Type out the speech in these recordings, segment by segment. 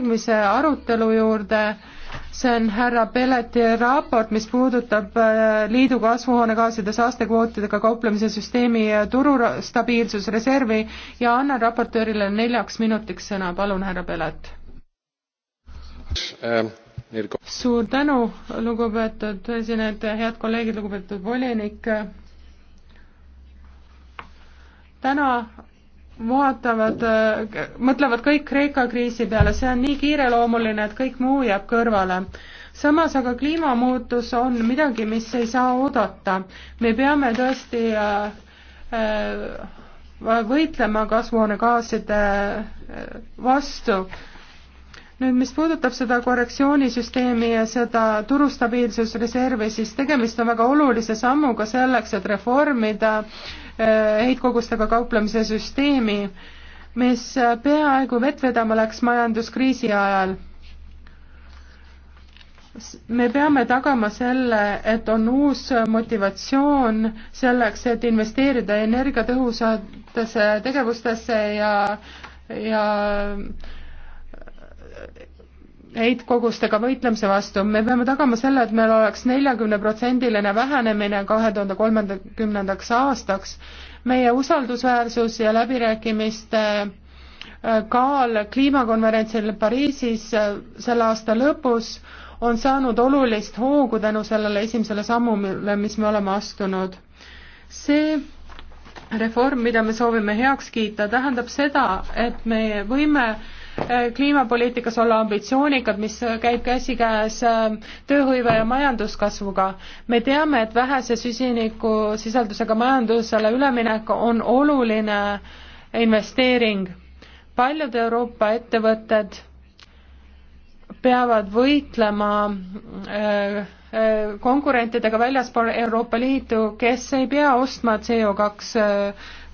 järgmise arutelu juurde, see on härra Pelleti raport, mis puudutab äh, liidu kasvuhoonegaaside saastekvootidega kauplemise süsteemi turu stabiilsusreservi ja annan raportöörile neljaks minutiks sõna, palun, härra Pellet. Ähm, suur tänu, lugupeetud esinejad, head kolleegid, lugupeetud volinik. täna vaatavad, mõtlevad kõik Kreeka kriisi peale, see on nii kiireloomuline, et kõik muu jääb kõrvale. samas aga kliimamuutus on midagi, mis ei saa oodata. me peame tõesti äh, äh, võitlema kasvuhoonegaaside äh, vastu nüüd, mis puudutab seda korrektsioonisüsteemi ja seda turustabiilsusreservi, siis tegemist on väga olulise sammuga selleks, et reformida Äh, heitkogustega kauplemise süsteemi, mis peaaegu vett vedama läks majanduskriisi ajal. me peame tagama selle, et on uus motivatsioon selleks, et investeerida energiatõhusatesse tegevustesse ja, ja heitkogustega võitlemise vastu. me peame tagama selle, et meil oleks neljakümneprotsendiline vähenemine kahe tuhande kolmekümnendaks aastaks. meie usaldusväärsus ja läbirääkimiste äh, kaal kliimakonverentsil Pariisis äh, selle aasta lõpus on saanud olulist hoogu tänu sellele esimesele sammule, mis me oleme astunud. see reform, mida me soovime heaks kiita, tähendab seda, et me võime Äh, kliimapoliitikas olla ambitsioonikad, mis käib käsikäes äh, tööhõive ja majanduskasvuga. me teame, et vähese süsinikusisaldusega majandusele üleminek on oluline investeering. paljud Euroopa ettevõtted peavad võitlema äh, konkurentidega väljaspool Euroopa Liitu, kes ei pea ostma CO2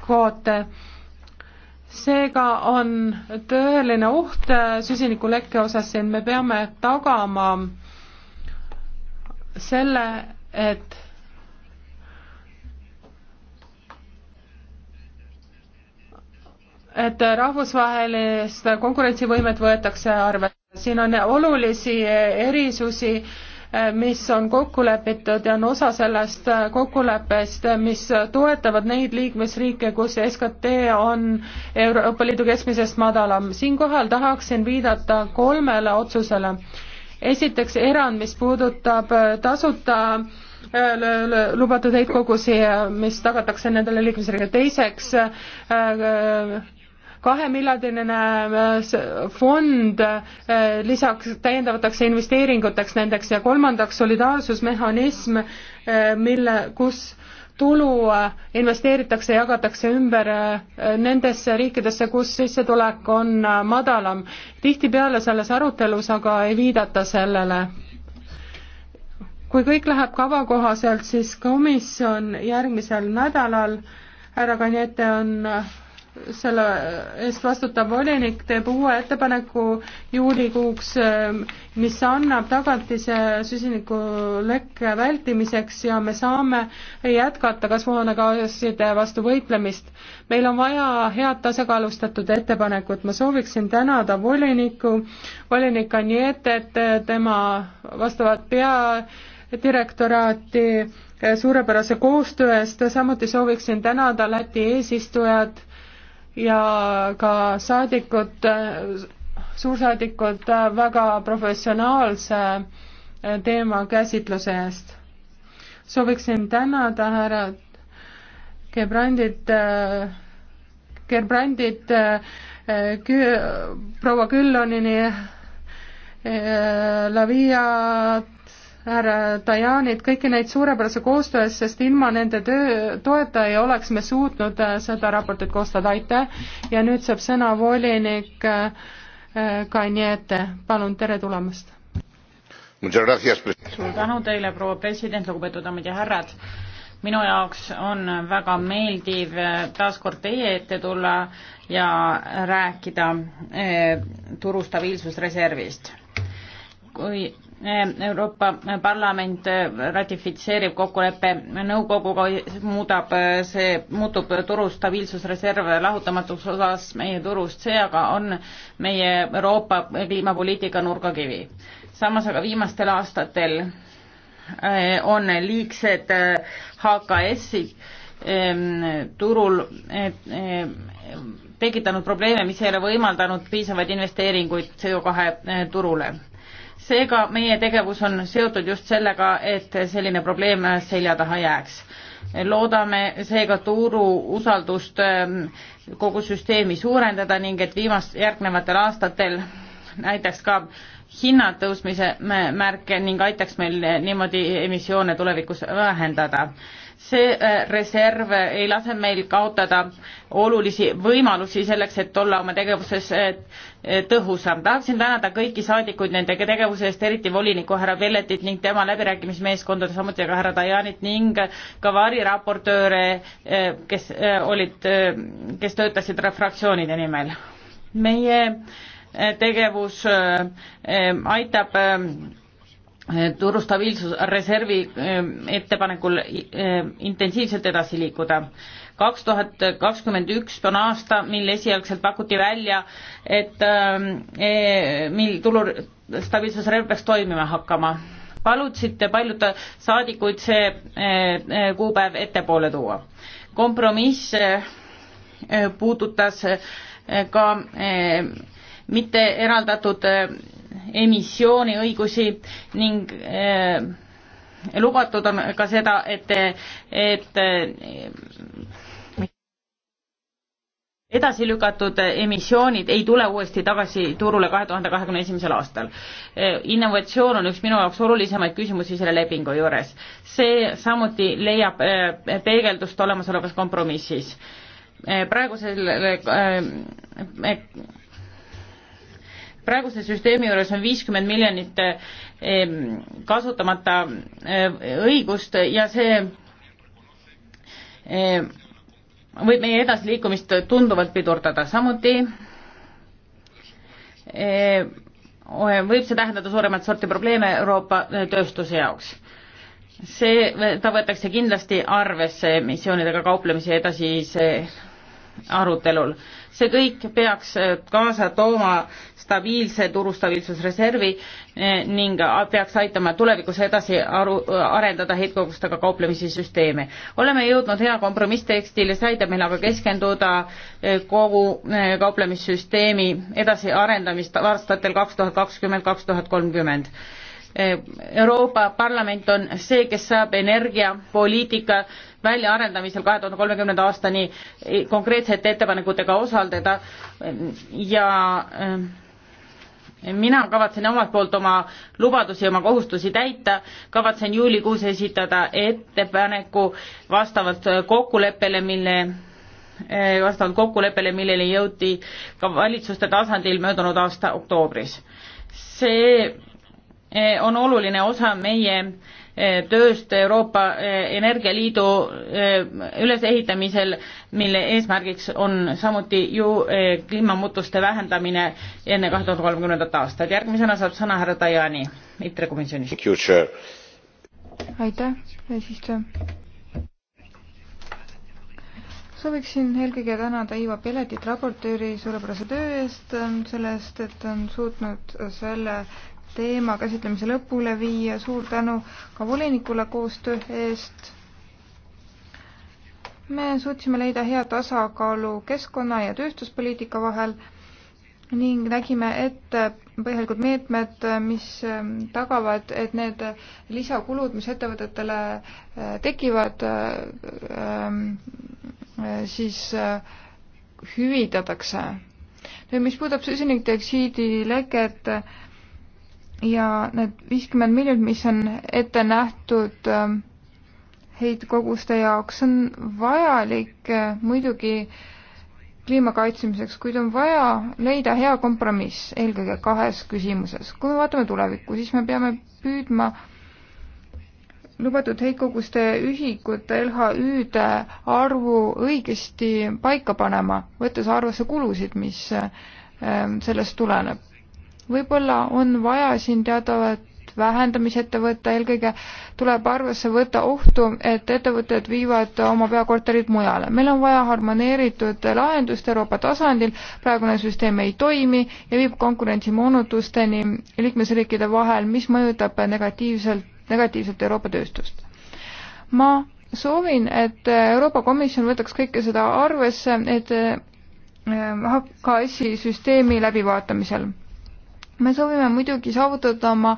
kvoote seega on tõeline oht äh, süsinikulekke osas siin, me peame tagama selle, et et rahvusvahelist konkurentsivõimet võetakse arvesse. siin on olulisi erisusi Eh, mis on kokku lepitud ja on osa sellest eh, kokkuleppest, mis toetavad neid liikmesriike, kus SKT on Euroopa Liidu keskmisest madalam. siinkohal tahaksin viidata kolmele otsusele. esiteks erand, mis puudutab eh, tasuta lubatud heitkogusi, mis tagatakse nendele liikmesriigile. teiseks kahemiljardiline äh, fond äh, lisaks täiendavateks investeeringuteks nendeks ja kolmandaks solidaarsusmehhanism, äh, mille, kus tulu investeeritakse, jagatakse ümber nendesse riikidesse, kus sissetulek on madalam. tihtipeale selles arutelus aga ei viidata sellele. kui kõik läheb kava kohaselt, siis komisjon järgmisel nädalal härra Kanjete on selle eest vastutav volinik teeb uue ettepaneku juulikuuks, ähm, mis annab tagatise süsinikulekke vältimiseks ja me saame jätkata kasvuhoonegaaside vastu võitlemist. meil on vaja head tasakaalustatud ettepanekut, ma sooviksin tänada volinikku, volinik Anietet, tema vastavat peadirektoraati suurepärase koostöö eest, samuti sooviksin tänada Läti eesistujat ja ka saadikud, suursaadikud väga professionaalse äh, teema käsitluse eest. sooviksin tänada härra Gerbrandit, äh, Gerbrandit, äh, proua Küllonini, Lavia härra Dajanit, kõiki neid suurepärase koostöö eest, sest ilma nende töö toeta ei oleks me suutnud äh, seda raportit koostada, aitäh. ja nüüd saab sõna volinik äh, äh, Kaniete, palun, tere tulemast. suur tänu teile, proua president, lugupeetud daamid ja härrad. minu jaoks on väga meeldiv taas kord teie ette tulla ja rääkida turu stabiilsusreservist kui Äh, Euroopa Parlament äh, ratifitseerib kokkuleppe nõukoguga, muudab äh, see, muutub turu stabiilsusreserv lahutamatuks osas meie turust, see aga on meie Euroopa kliimapoliitika nurgakivi. samas aga viimastel aastatel on liigsed HKS-id ähm, turul tekitanud probleeme, mis ei ole võimaldanud piisavaid investeeringuid CO2 turule seega meie tegevus on seotud just sellega, et selline probleem selja taha jääks. loodame seega turu usaldust ähm, kogu süsteemi suurendada ning et viimast, järgnevatel aastatel näiteks ka hinnad tõusmise märke ning aitaks meil niimoodi emissioone tulevikus vähendada see äh, reserv äh, ei lase meil kaotada olulisi võimalusi selleks, et olla oma tegevuses äh, tõhusam. tahaksin tänada kõiki saadikuid nende tegevuse eest, eriti voliniku härra Velletit ning tema läbirääkimismeeskonda, samuti ka härra Dajanit ning ka variraportööre, kes olid, kes töötasid fraktsioonide nimel. meie tegevus aitab Eh, turu stabiilsusreservi eh, ettepanekul eh, intensiivselt edasi liikuda. kaks tuhat kakskümmend üks on aasta, mil esialgselt pakuti välja, et mil turu stabiilsusreserv peaks toimima hakkama. palutsite paljud saadikuid see kuupäev ettepoole tuua. kompromiss puudutas ka mitte eraldatud emissiooniõigusi ning eh, lubatud on ka seda, et, et äh, edasi lükatud emissioonid ei tule uuesti tagasi turule kahe tuhande kahekümne esimesel aastal. Äh, innovatsioon on üks minu jaoks olulisemaid küsimusi selle lepingu juures. see samuti leiab peegeldust olemasolevas kompromissis. praegusel praeguse süsteemi juures on viiskümmend miljonit kasutamata õigust ja see võib meie edasiliikumist tunduvalt pidurdada, samuti võib see tähendada suuremat sorti probleeme Euroopa eh, tööstuse jaoks. see, ta võetakse kindlasti arvesse missioonidega kauplemise edasise arutelul. see kõik peaks äh, kaasa tooma stabiilse turustabiilsusreservi äh, ning äh, peaks aitama tulevikus edasi aru, arendada heitkogustega kauplemisi süsteeme. oleme jõudnud hea kompromisstekstile, see aitab meil aga keskenduda kogu kauplemissüsteemi edasiarendamist aastatel kaks tuhat kakskümmend, kaks tuhat kolmkümmend Eh, Euroopa Parlament on see, kes saab energiapoliitika väljaarendamisel kahe tuhande kolmekümnenda aastani eh, konkreetsete ettepanekutega osaldada ja eh, mina kavatsen omalt poolt oma lubadusi, oma kohustusi täita, kavatsen juulikuus esitada ettepaneku vastavalt kokkuleppele, mille vastavalt kokkuleppele, milleni jõuti ka valitsuste tasandil möödunud aasta oktoobris. see Eh, on oluline osa meie eh, tööst Euroopa eh, Energialiidu ülesehitamisel, mille eesmärgiks on samuti ju kliimamuutuste vähendamine enne kahe tuhande kolmekümnendat aastat. järgmisena saab sõna härra Tajani ITRE komisjonist. aitäh, eesistuja. sooviksin eelkõige tänada Ivo Peletit, raportööri, suurepärase töö eest, selle eest, et on suutnud selle teema käsitlemise lõpule viia. suur tänu ka volinikule koostöö eest. me suutsime leida hea tasakaalu keskkonna ja tööstuspoliitika vahel ning nägime ette põhjalikud meetmed, mis tagavad, et need lisakulud, mis ettevõtetele äh, tekivad, äh, äh, siis hüvitatakse. nüüd, mis puudutab süsinikdioksiidi leket, ja need viiskümmend miljonit, mis on ette nähtud ähm, heitkoguste jaoks, on vajalik äh, muidugi kliima kaitsmiseks, kuid on vaja leida hea kompromiss eelkõige kahes küsimuses. kui me vaatame tulevikku, siis me peame püüdma lubatud heitkoguste ühikute LHÜ-de arvu õigesti paika panema, võttes arvesse kulusid, mis äh, sellest tuleneb võib-olla on vaja siin teatavat vähendamise ette võtta, eelkõige tuleb arvesse võtta ohtu, et ettevõtted viivad oma peakorterid mujale. meil on vaja harmoneeritud lahendust Euroopa tasandil, praegune süsteem ei toimi ja viib konkurentsimoonutusteni liikmesriikide vahel, mis mõjutab negatiivselt, negatiivselt Euroopa tööstust. ma soovin, et Euroopa Komisjon võtaks kõike seda arvesse, et HKS-i eh, süsteemi läbivaatamisel me soovime muidugi saavutada oma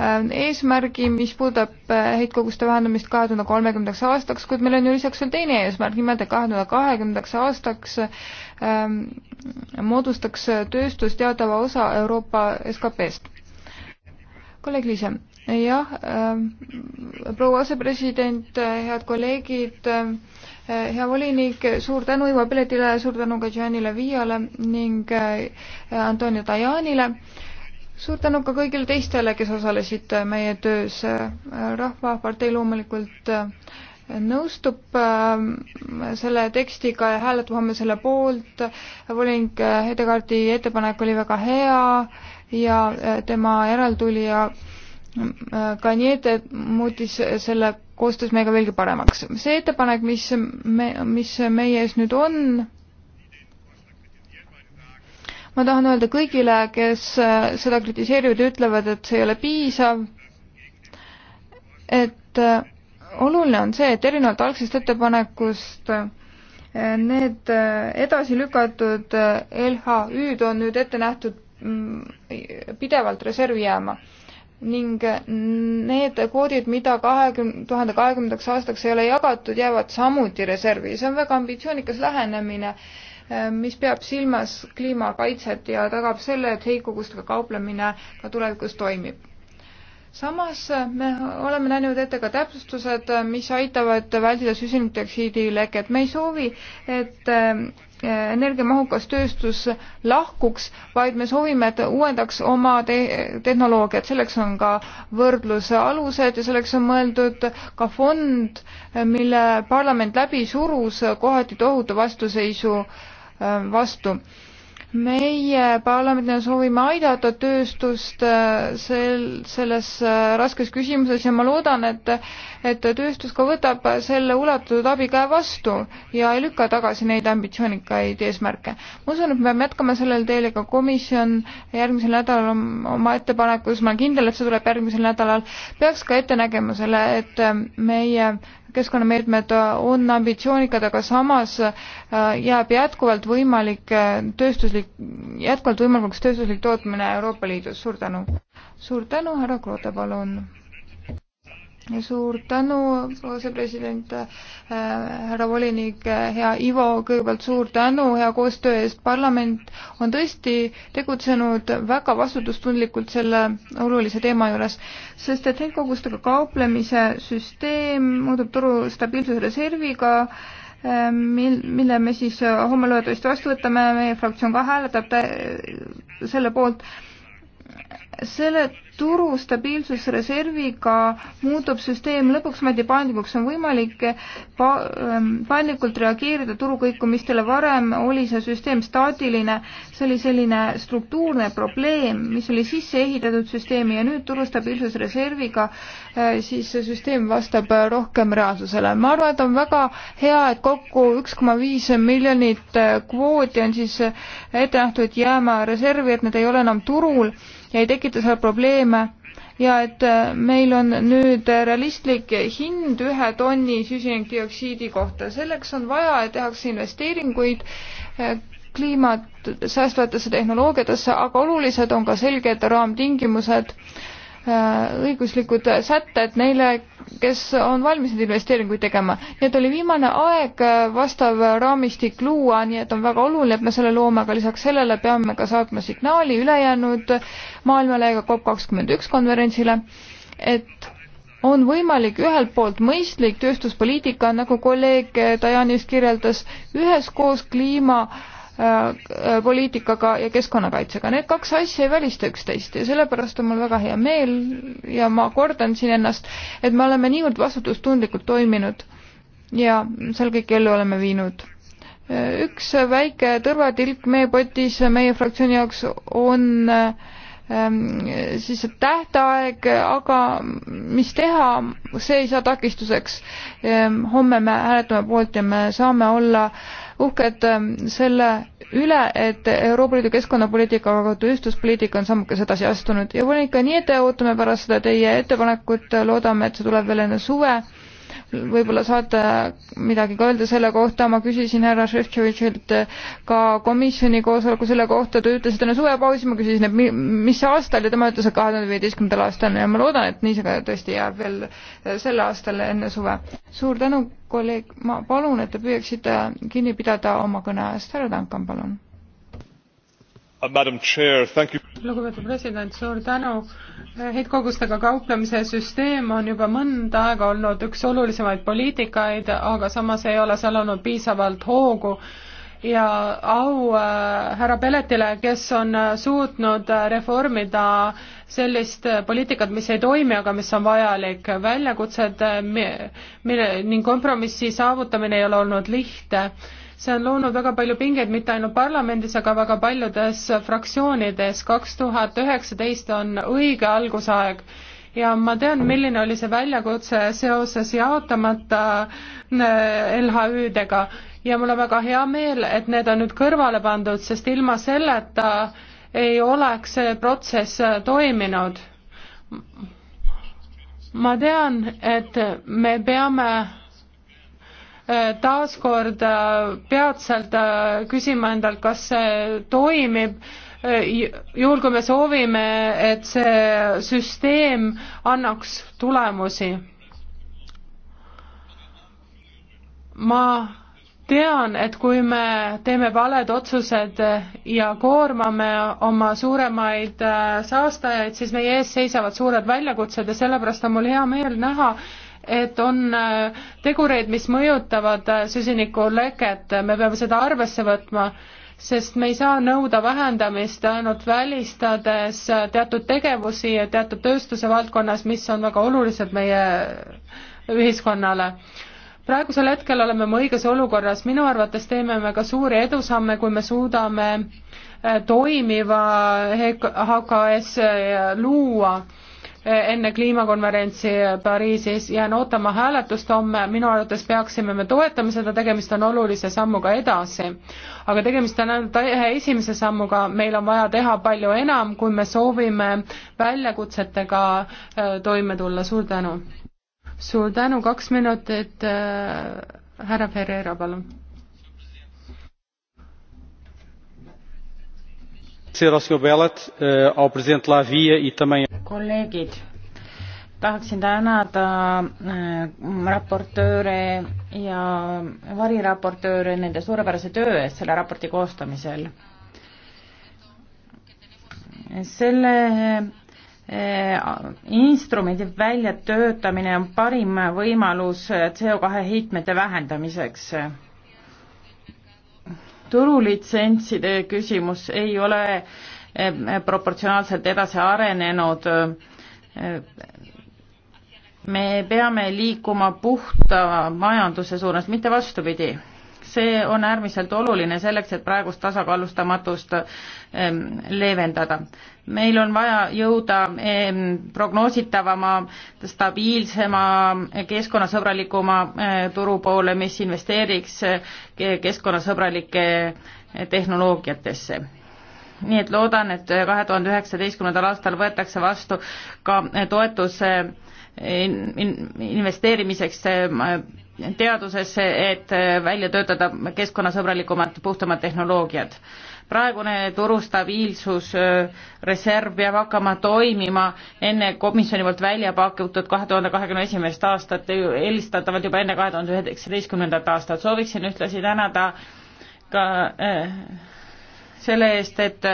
ähm, eesmärgi, mis puudutab äh, heitkoguste vähendamist kahe tuhande kolmekümnendaks aastaks, kuid meil on ju lisaks veel teine eesmärk, nimelt et kahe tuhande kahekümnendaks aastaks ähm, moodustaks äh, tööstus teatava osa Euroopa SKP-st. kolleeg Liise, jah ähm,, proua asepresident, äh, head kolleegid äh,, hea volinik, suur tänu Ivo Peletile, suur tänu ka Joanile Viiale ning äh, Antonio Tajanile äh, suur tänu ka kõigile teistele, kes osalesid äh, meie töös. Äh, rahvapartei loomulikult äh, nõustub selle tekstiga ja hääletab homme selle poolt. volinik Hedegaardi ettepanek oli väga hea ja tema järeltulija Kaniete muutis selle koostöös meiega veelgi paremaks. see ettepanek, mis me, mis meie ees nüüd on, ma tahan öelda kõigile, kes äh, seda kritiseerivad ja ütlevad, et see ei ole piisav, et äh, oluline on see, et erinevalt algsest ettepanekust äh, need edasi lükatud LHÜ-d on nüüd ette nähtud mm, pidevalt reservi jääma ning need kvoodid, mida kahekümne, tuhande kahekümnendaks aastaks ei ole jagatud, jäävad samuti reservi. see on väga ambitsioonikas lähenemine, mis peab silmas kliimakaitset ja tagab selle, et heitkogustega kauplemine ka tulevikus toimib. samas me oleme näinud ette ka täpsustused, mis aitavad vältida süsinikdioksiidi leket. me ei soovi, et energiamahukas tööstus lahkuks, vaid me soovime, et uuendaks oma te tehnoloogiat, selleks on ka võrdluse alused ja selleks on mõeldud ka fond, mille parlament läbi surus kohati tohutu vastuseisu äh, vastu meie parlamendina soovime aidata tööstust äh, sel, selles äh, raskes küsimuses ja ma loodan, et, et tööstus ka võtab selle ulatatud abikäe vastu ja ei lükka tagasi neid ambitsioonikaid eesmärke. ma usun, et me peame jätkama sellel teel ja ka komisjon järgmisel nädalal oma ettepanekus, ma olen kindel, et see tuleb järgmisel nädalal, peaks ka ette nägema selle, et äh, meie keskkonnameetmed on ambitsioonikad, aga samas äh, jääb jätkuvalt võimalik äh, tööstuslik, jätkuvalt võimalikuks tööstuslik tootmine Euroopa Liidus. suur tänu! suur tänu, härra Kroote, palun! suur tänu, asepresident äh,, härra volinik, äh, hea Ivo, kõigepealt suur tänu hea koostöö eest. parlament on tõesti tegutsenud väga vastutustundlikult selle olulise teema juures, sest et heitkogustega kauplemise süsteem muutub turu stabiilsusreserviga äh,, mil, mille me siis äh, homme loodetavasti vastu võtame, meie fraktsioon ka hääletab selle poolt selle turu stabiilsusreserviga muutub süsteem lõpuks ometi paindlikuks, on võimalik pa-, ähm, paindlikult reageerida turu kõikumistele, varem oli see süsteem staatiline, see oli selline struktuurne probleem, mis oli sisse ehitatud süsteemi ja nüüd turu stabiilsusreserviga äh, siis see süsteem vastab äh, rohkem reaalsusele. ma arvan, et on väga hea, et kokku üks koma viis miljonit äh, kvooti on siis ette nähtud jääma reservi, et need ei ole enam turul ja ei tekita seal probleeme ja et äh, meil on nüüd realistlik hind ühe tonni süsinikdioksiidi kohta. selleks on vaja, et tehakse investeeringuid äh, kliimat säästvatesse tehnoloogiatesse, aga olulised on ka selged raamtingimused, äh, õiguslikud sätted neile, kes on valmis neid investeeringuid tegema. nii et oli viimane aeg äh, vastav äh, raamistik luua, nii et on väga oluline, et me selle loome, aga lisaks sellele peame ka saatma signaali ülejäänud maailmale ja ka COP kakskümmend üks konverentsile, et on võimalik ühelt poolt mõistlik tööstuspoliitika, nagu kolleeg äh, Dajanis kirjeldas, üheskoos kliima äh, Äh, poliitikaga ja keskkonnakaitsega. Need kaks asja ei välista üksteist ja sellepärast on mul väga hea meel ja ma kordan siin ennast, et me oleme niivõrd vastutustundlikult toiminud ja seal kõik ellu oleme viinud. Äh, üks väike tõrvatilk meepotis meie fraktsiooni jaoks on ähm, siis tähtaeg, aga mis teha, see ei saa takistuseks. Ähm, homme me hääletame poolt ja me saame olla äh, uhked ähm, selle üle, et Euroopa Liidu keskkonnapoliitika, aga tööstuspoliitika on sammukese edasi astunud ja volinik Anijete, ootame pärast seda teie ettepanekut, loodame, et see tuleb veel enne suve võib-olla saate midagi ka öelda selle kohta, ma küsisin härra Šeftšovitšilt ka komisjoni koosoleku selle kohta, ta ütles, et enne suvepausi ma küsisin, et mis aastal ja tema ütles, et kahe tuhande viieteistkümnendal aastal ja ma loodan, et nii see ka tõesti jääb veel sel aastal enne suve. suur tänu, kolleeg, ma palun, et te püüaksite kinni pidada oma kõne ajast, härra Tankan, palun Uh, lugupeetud president, suur tänu. heitkogustega kauplemise süsteem on juba mõnda aega olnud üks olulisemaid poliitikaid, aga samas ei ole seal olnud piisavalt hoogu ja au äh, härra Pelletile, kes on äh, suutnud äh, reformida sellist äh, poliitikat, mis ei toimi, aga mis on vajalik. väljakutsed mille, ning kompromissi saavutamine ei ole olnud lihtne see on loonud väga palju pingeid mitte ainult parlamendis, aga väga paljudes fraktsioonides. kaks tuhat üheksateist on õige algusaeg ja ma tean, milline oli see väljakutse seoses jaotamata äh, LHÜ-dega ja mul on väga hea meel, et need on nüüd kõrvale pandud, sest ilma selleta ei oleks see protsess äh, toiminud. ma tean, et me peame Äh, taaskord äh, peatselt äh, küsima endalt, kas see toimib, juhul kui me soovime, et see süsteem annaks tulemusi. ma tean, et kui me teeme valed otsused ja koormame oma suuremaid saastajaid, siis meie ees seisavad suured väljakutsed ja sellepärast on mul hea meel näha, et on äh, tegureid, mis mõjutavad äh, süsinikuleket, me peame seda arvesse võtma, sest me ei saa nõuda vähendamist ainult välistades äh, teatud tegevusi ja teatud tööstuse valdkonnas, mis on väga olulised meie ühiskonnale praegusel hetkel oleme me õiges olukorras, minu arvates teeme me ka suuri edusamme, kui me suudame toimiva HKS luua enne kliimakonverentsi Pariisis, jään ootama hääletust homme, minu arvates peaksime me toetama seda, tegemist on olulise sammuga edasi. aga tegemist on ainult ühe esimese sammuga, meil on vaja teha palju enam, kui me soovime väljakutsetega äh, toime tulla, suur tänu! suur tänu, kaks minutit, äh, härra Ferreira, palun Eh, e kolleegid, tahaksin tänada eh, raportööre ja variraportööre nende suurepärase töö eest selle raporti koostamisel. selle eh, instrumendi väljatöötamine on parim võimalus CO2 heitmete vähendamiseks turulitsentside küsimus ei ole eh, proportsionaalselt edasi arenenud. me peame liikuma puhta majanduse suunas, mitte vastupidi. see on äärmiselt oluline selleks, et praegust tasakaalustamatust eh, leevendada meil on vaja jõuda prognoositavama, stabiilsema, keskkonnasõbralikuma eh, turu poole, mis investeeriks eh, keskkonnasõbralike eh, tehnoloogiatesse nii et loodan, et kahe tuhande üheksateistkümnendal aastal võetakse vastu ka toetus investeerimiseks teadusesse, et äh, välja töötada keskkonnasõbralikumad, puhtamad tehnoloogiad. praegune turustabiilsus, äh, reserv peab hakkama toimima enne komisjoni poolt välja pakutud kahe tuhande kahekümne esimest aastat, eelistatavalt juba enne kahe tuhande üheksateistkümnendat aastat. sooviksin ühtlasi tänada ka äh, selle eest, et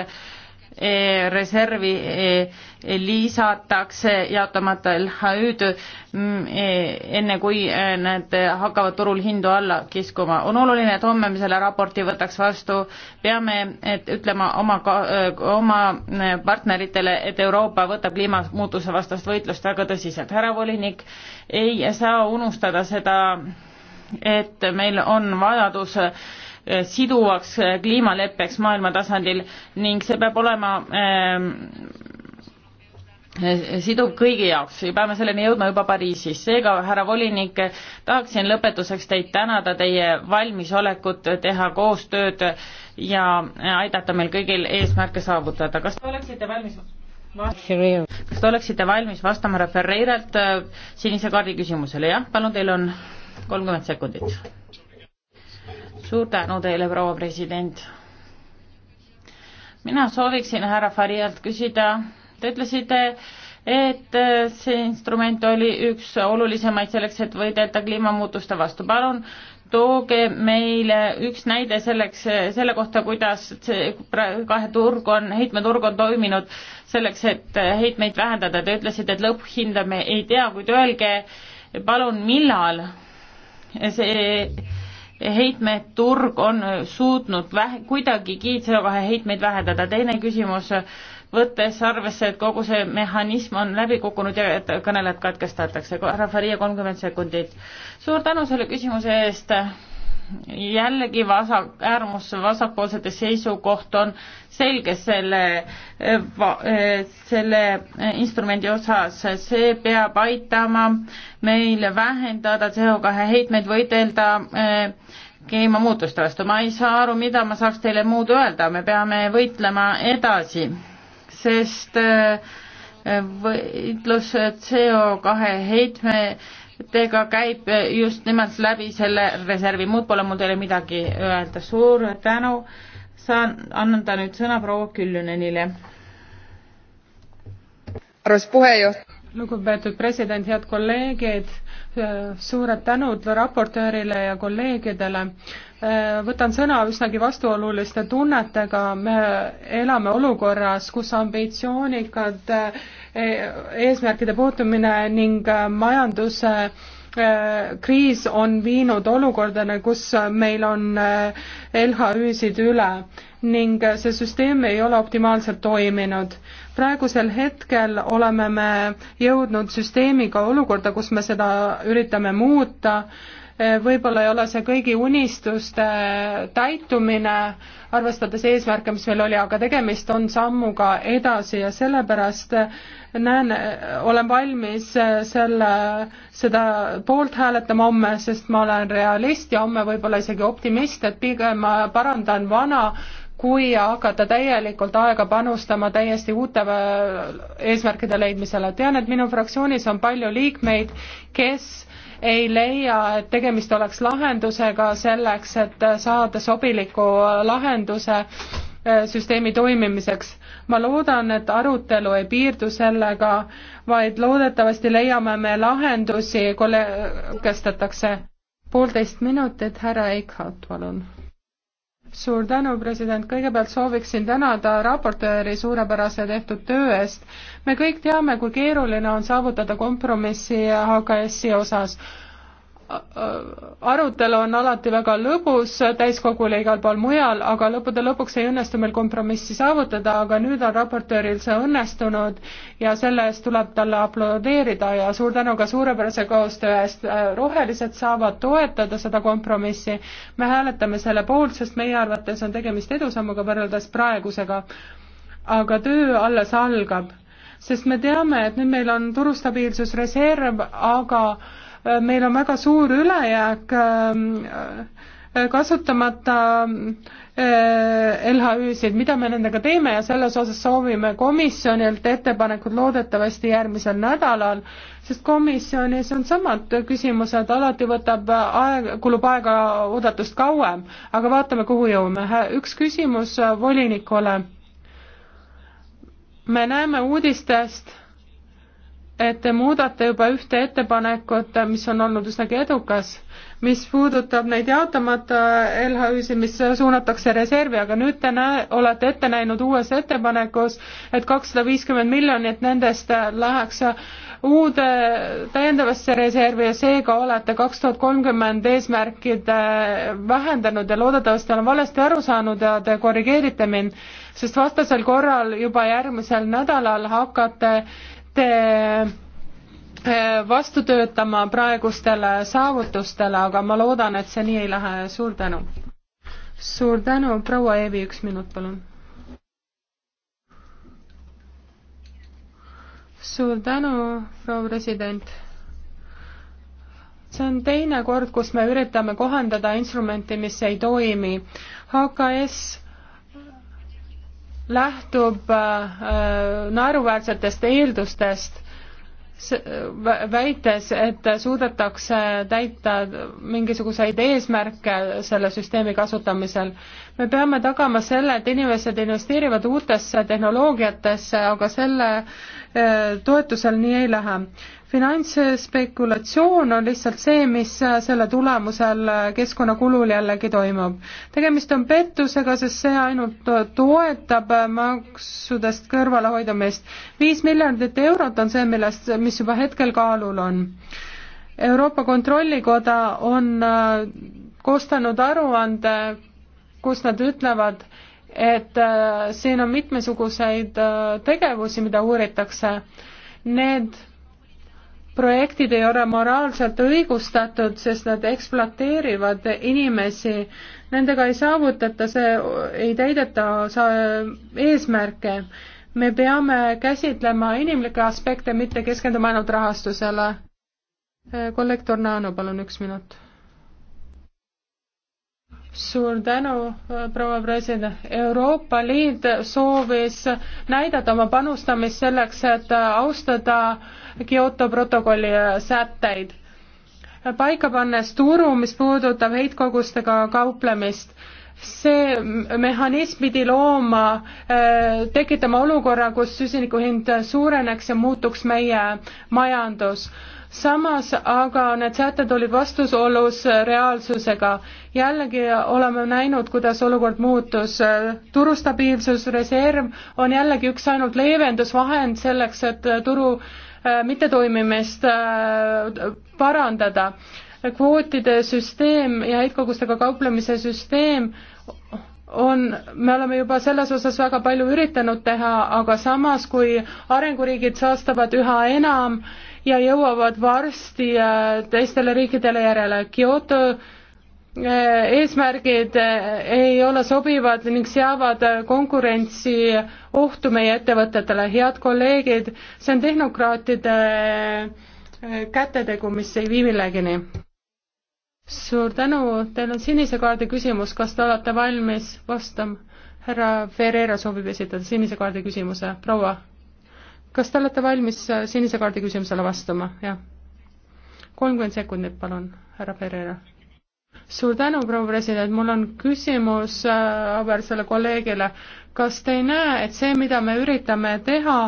Eh, reservi eh, lisatakse jaotamata LHÜ-d mm, eh, enne, kui need hakkavad turul hindu alla kiskuma. on oluline, et homme me selle raporti võtaks vastu, peame ütlema oma, oma partneritele, et Euroopa võtab kliimamuutuse vastast võitlust väga tõsiselt. härra volinik, ei saa unustada seda, et meil on vajadus Eh, siduvaks eh, kliimaleppeks maailma tasandil ning see peab olema ehm, eh, siduv kõigi jaoks ja peame selleni jõudma juba Pariisis. seega, härra volinik, tahaksin lõpetuseks teid tänada teie valmisolekut teha koostööd ja aidata meil kõigil eesmärke saavutada. kas te oleksite valmis kas te oleksite valmis vastama härra Ferreiralt sinise kaardi küsimusele, jah, palun, teil on kolmkümmend sekundit suur tänu teile, proua president. mina sooviksin härra Farialt küsida, te ütlesite, et see instrument oli üks olulisemaid selleks, et võidelda kliimamuutuste vastu. palun tooge meile üks näide selleks, selle kohta, kuidas see kahe turg on, heitmeturg on toiminud selleks, et heitmeid vähendada. Te ütlesite, et lõpphinda me ei tea, kuid öelge palun, millal see heitmeturg on suutnud vähe, kuidagigi CO2 heitmeid vähendada. teine küsimus, võttes arvesse, et kogu see mehhanism on läbi kukkunud ja kõnelejad katkestatakse. härra Faria, kolmkümmend sekundit. suur tänu selle küsimuse eest jällegi vasak, äärmusse vasakpoolsete seisukoht on selge selle, eh, eh, selle eh, instrumendi osas, see peab aitama meil vähendada CO2 heitmeid, võidelda kliimamuutuste vastu, ma ei saa aru, mida ma saaks teile muud öelda, me peame võitlema edasi, sest võitlus CO2 heitme tega käib eh, just nimelt läbi selle reservi, muud pole mul teile midagi öelda, suur tänu, saan, annan ta nüüd sõna proua Küllünenile. lugupeetud president, head kolleegid, eh, suured tänud raportöörile ja kolleegidele Äh, võtan sõna üsnagi vastuoluliste tunnetega, me elame olukorras, kus ambitsioonikad äh, eesmärkide puutumine ning äh, majanduse kriis on viinud olukordadeni, kus meil on LHÜ-sid üle ning see süsteem ei ole optimaalselt toiminud. praegusel hetkel oleme me jõudnud süsteemiga olukorda, kus me seda üritame muuta võib-olla ei ole see kõigi unistuste täitumine, arvestades eesmärke, mis meil oli, aga tegemist on sammuga edasi ja sellepärast näen, olen valmis selle, seda poolt hääletama homme, sest ma olen realist ja homme võib-olla isegi optimist, et pigem ma parandan vana, kui hakata täielikult aega panustama täiesti uute äh, eesmärkide leidmisele. tean, et minu fraktsioonis on palju liikmeid, kes ei leia, et tegemist oleks lahendusega selleks, et saada sobiliku lahenduse äh, süsteemi toimimiseks. ma loodan, et arutelu ei piirdu sellega, vaid loodetavasti leiame me lahendusi, kole-, kestatakse. poolteist minutit, härra Eichhardt, palun suur tänu, president, kõigepealt sooviksin tänada raportööri suurepärase tehtud töö eest. me kõik teame, kui keeruline on saavutada kompromissi HKS-i osas arutelu on alati väga lõbus täiskogul ja igal pool mujal, aga lõppude lõpuks ei õnnestu meil kompromissi saavutada, aga nüüd on raportööril see õnnestunud ja selle eest tuleb talle aplodeerida ja suur tänu ka suurepärase koostöö eest. rohelised saavad toetada seda kompromissi, me hääletame selle poolt, sest meie arvates on tegemist edusammuga võrreldes praegusega. aga töö alles algab, sest me teame, et nüüd meil on turustabiilsusreserv, aga meil on väga suur ülejääk ähm, äh, kasutamata äh, LHÜ-sid, mida me nendega teeme ja selles osas soovime komisjonilt ettepanekud loodetavasti järgmisel nädalal, sest komisjonis on samad küsimused, alati võtab aeg, kulub aega oodatust kauem, aga vaatame, kuhu jõuame. üks küsimus volinikule. me näeme uudistest et te muudate juba ühte ettepanekut, mis on olnud üsnagi edukas, mis puudutab neid jaotamata LHÜ-sid, mis suunatakse reservi, aga nüüd te näe-, olete ette näinud uues ettepanekus, et kakssada viiskümmend miljonit nendest läheks uude täiendavasse reservi ja seega olete kaks tuhat kolmkümmend eesmärkid vähendanud ja loodetavasti olen valesti aru saanud ja te korrigeerite mind, sest vastasel korral juba järgmisel nädalal hakkate Äh, vastu töötama praegustele saavutustele, aga ma loodan, et see nii ei lähe, suur tänu. suur tänu, proua Eevi, üks minut, palun. suur tänu, proua president. see on teine kord, kus me üritame kohandada instrumenti, mis ei toimi. HKS lähtub äh, naeruväärsetest eeldustest, väites, et suudetakse täita mingisuguseid eesmärke selle süsteemi kasutamisel. me peame tagama selle, et inimesed investeerivad uutesse tehnoloogiatesse, aga selle äh, toetusel nii ei lähe finantsspekulatsioon on lihtsalt see, mis selle tulemusel keskkonnakulul jällegi toimub. tegemist on pettusega, sest see ainult toetab maksudest kõrvalehoidumist. viis miljardit eurot on see, millest, mis juba hetkel kaalul on. Euroopa Kontrollikoda on äh, koostanud aruande, kus nad ütlevad, et äh, siin on mitmesuguseid äh, tegevusi, mida uuritakse. Need projektid ei ole moraalselt õigustatud, sest nad ekspluateerivad inimesi. Nendega ei saavutata see, ei täideta eesmärke. me peame käsitlema inimlikke aspekte, mitte keskenduma ainult rahastusele. kolleeg Tornano, palun üks minut suur tänu, äh, proua president. Euroopa Liit soovis näidata oma panustamist selleks, et austada Kyoto protokolli äh, sätteid. paika pannes turu, mis puudutab heitkogustega kauplemist, see mehhanism pidi looma, äh, tekitama olukorra, kus süsiniku hind suureneks ja muutuks meie majandus samas aga need sätted olid vastusolus reaalsusega. jällegi oleme näinud, kuidas olukord muutus. turustabiilsusreserv on jällegi üks ainult leevendusvahend selleks, et turu äh, mittetoimimist äh, parandada. kvootide süsteem ja heitkogustega kauplemise süsteem on, me oleme juba selles osas väga palju üritanud teha, aga samas, kui arenguriigid saastavad üha enam äh, ja jõuavad varsti äh, teistele riikidele järele. Kyoto äh, eesmärgid äh, ei ole sobivad ning seavad konkurentsi ohtu meie ettevõtetele. head kolleegid, see on tehnokraatide kätetegu, mis ei vii millegini. suur tänu, teil on sinise kaardi küsimus, kas te olete valmis vastama? härra Ferreira soovib esitada sinise kaardi küsimuse, proua kas te olete valmis äh, sinise kaardi küsimusele vastama, jah? kolmkümmend sekundit, palun, härra Pereira. suur tänu, proua president, mul on küsimus äh, auväärsele kolleegile. kas te ei näe, et see, mida me üritame teha,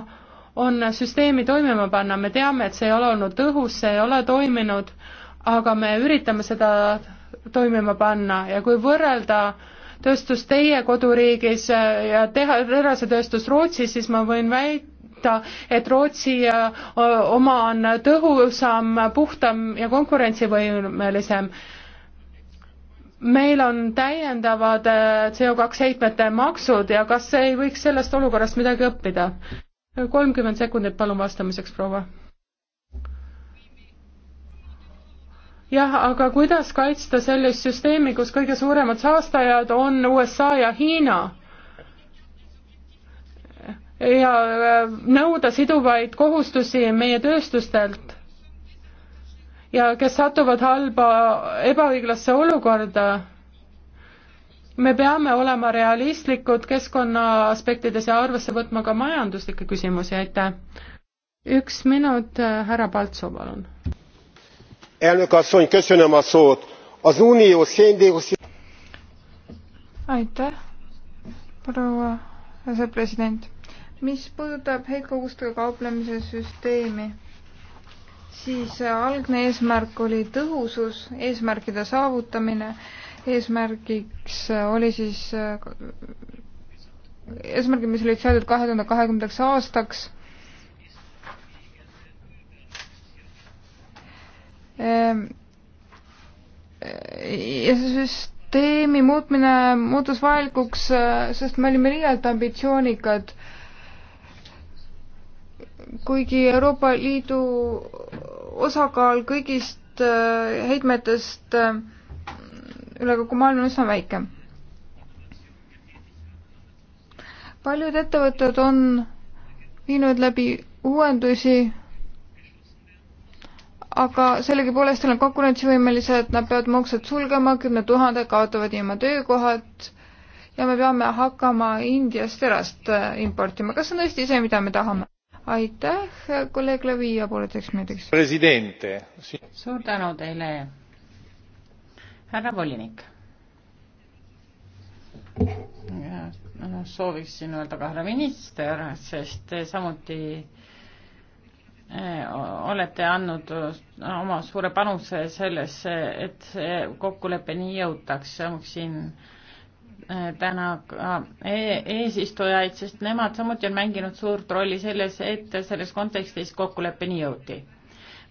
on süsteemi toimima panna, me teame, et see ei ole olnud tõhus, see ei ole toiminud, aga me üritame seda toimima panna ja kui võrrelda tööstus teie koduriigis äh, ja teha, terasetööstus Rootsis, siis ma võin väita, võita, et Rootsi äh, oma on tõhusam, puhtam ja konkurentsivõimelisem. meil on täiendavad äh, CO2 heitmete maksud ja kas ei võiks sellest olukorrast midagi õppida? kolmkümmend sekundit palun vastamiseks, proua jah, aga kuidas kaitsta sellist süsteemi, kus kõige suuremad saastajad on USA ja Hiina? ja äh, nõuda siduvaid kohustusi meie tööstustelt ja kes satuvad halba ebaõiglasse olukorda. me peame olema realistlikud keskkonna aspektides ja arvesse võtma ka majanduslikke küsimusi, aitäh. üks minut, äh, härra Paltso, palun. aitäh, proua asepresident mis puudutab heitkogustega kauplemise süsteemi, siis algne eesmärk oli tõhusus, eesmärkide saavutamine, eesmärgiks oli siis, eesmärgid, mis olid seatud kahe tuhande kahekümnendaks aastaks ehm, ja see süsteemi muutmine muutus vajalikuks, sest me olime liialt ambitsioonikad kuigi Euroopa Liidu osakaal kõigist äh, heitmetest äh, üle kogu maailma on üsna väike. paljud ettevõtted on viinud läbi uuendusi, aga sellegipoolest on nad konkurentsivõimelised, nad peavad maksed sulgema, kümned tuhanded kaotavad ilma töökohad ja me peame hakkama Indiast erast äh, importima. kas see on tõesti see, mida me tahame? aitäh, kolleeg Levi ja pooleteiseks minutiks. suur tänu teile, härra volinik. sooviksin öelda ka härra minister, sest te samuti eh, olete andnud oma suure panuse sellesse, et see kokkuleppeni jõutakse, samuti siin Äh, täna ka e-, eesistujaid, sest nemad samuti on mänginud suurt rolli selles, et selles kontekstis kokkuleppeni jõuti.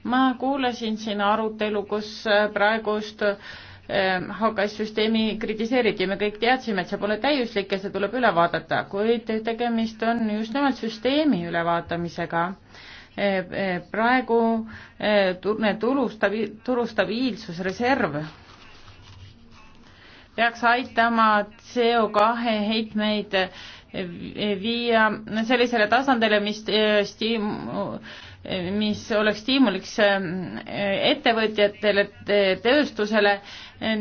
ma kuulasin siin arutelu, kus äh, praegust HKS-süsteemi äh, kritiseeriti, me kõik teadsime, et see pole täiuslik ja see tuleb üle vaadata, kuid tegemist on just nimelt süsteemi ülevaatamisega. praegu turne turu stabi-, turu stabiilsusreserv peaks aitama CO2 heitmeid viia sellisele tasandile, mis stiimu-, mis oleks stiimuliks ettevõtjatele, tööstusele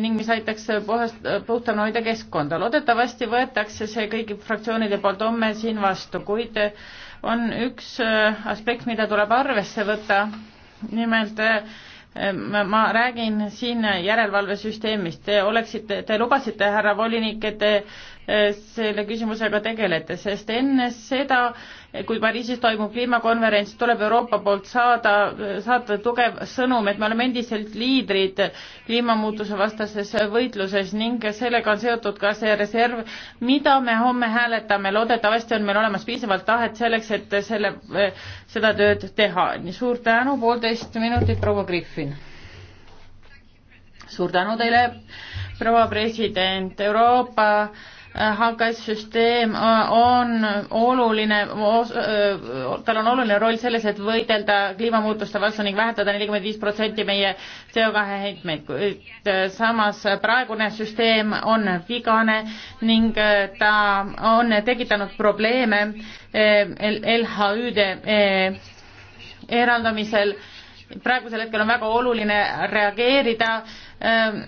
ning mis aitaks puhast, puhtana hoida keskkonda. loodetavasti võetakse see kõigi fraktsioonide poolt homme siin vastu, kuid on üks aspekt, mida tuleb arvesse võtta, nimelt Ehm, ma räägin siin järelevalvesüsteemist, te oleksite, te lubasite, härra volinik, et te ehm, selle küsimusega tegelete, sest enne seda kui Pariisis toimub kliimakonverents, tuleb Euroopa poolt saada, saata tugev sõnum, et me oleme endiselt liidrid kliimamuutuse vastases võitluses ning sellega on seotud ka see reserv, mida me homme hääletame. loodetavasti on meil olemas piisavalt tahet selleks, et selle, seda tööd teha. nii suur tänu, poolteist minutit, proua Griffin. suur tänu teile, proua president, Euroopa HKS-süsteem äh, äh, on oluline, äh, tal on oluline roll selles, et võidelda kliimamuutuste vastu ning vähendada nelikümmend viis protsenti meie CO2 heitmeid, kuid samas praegune süsteem on vigane ning ta on tekitanud probleeme LHÜ-de eraldamisel. praegusel hetkel on väga oluline reageerida äh, Ähm,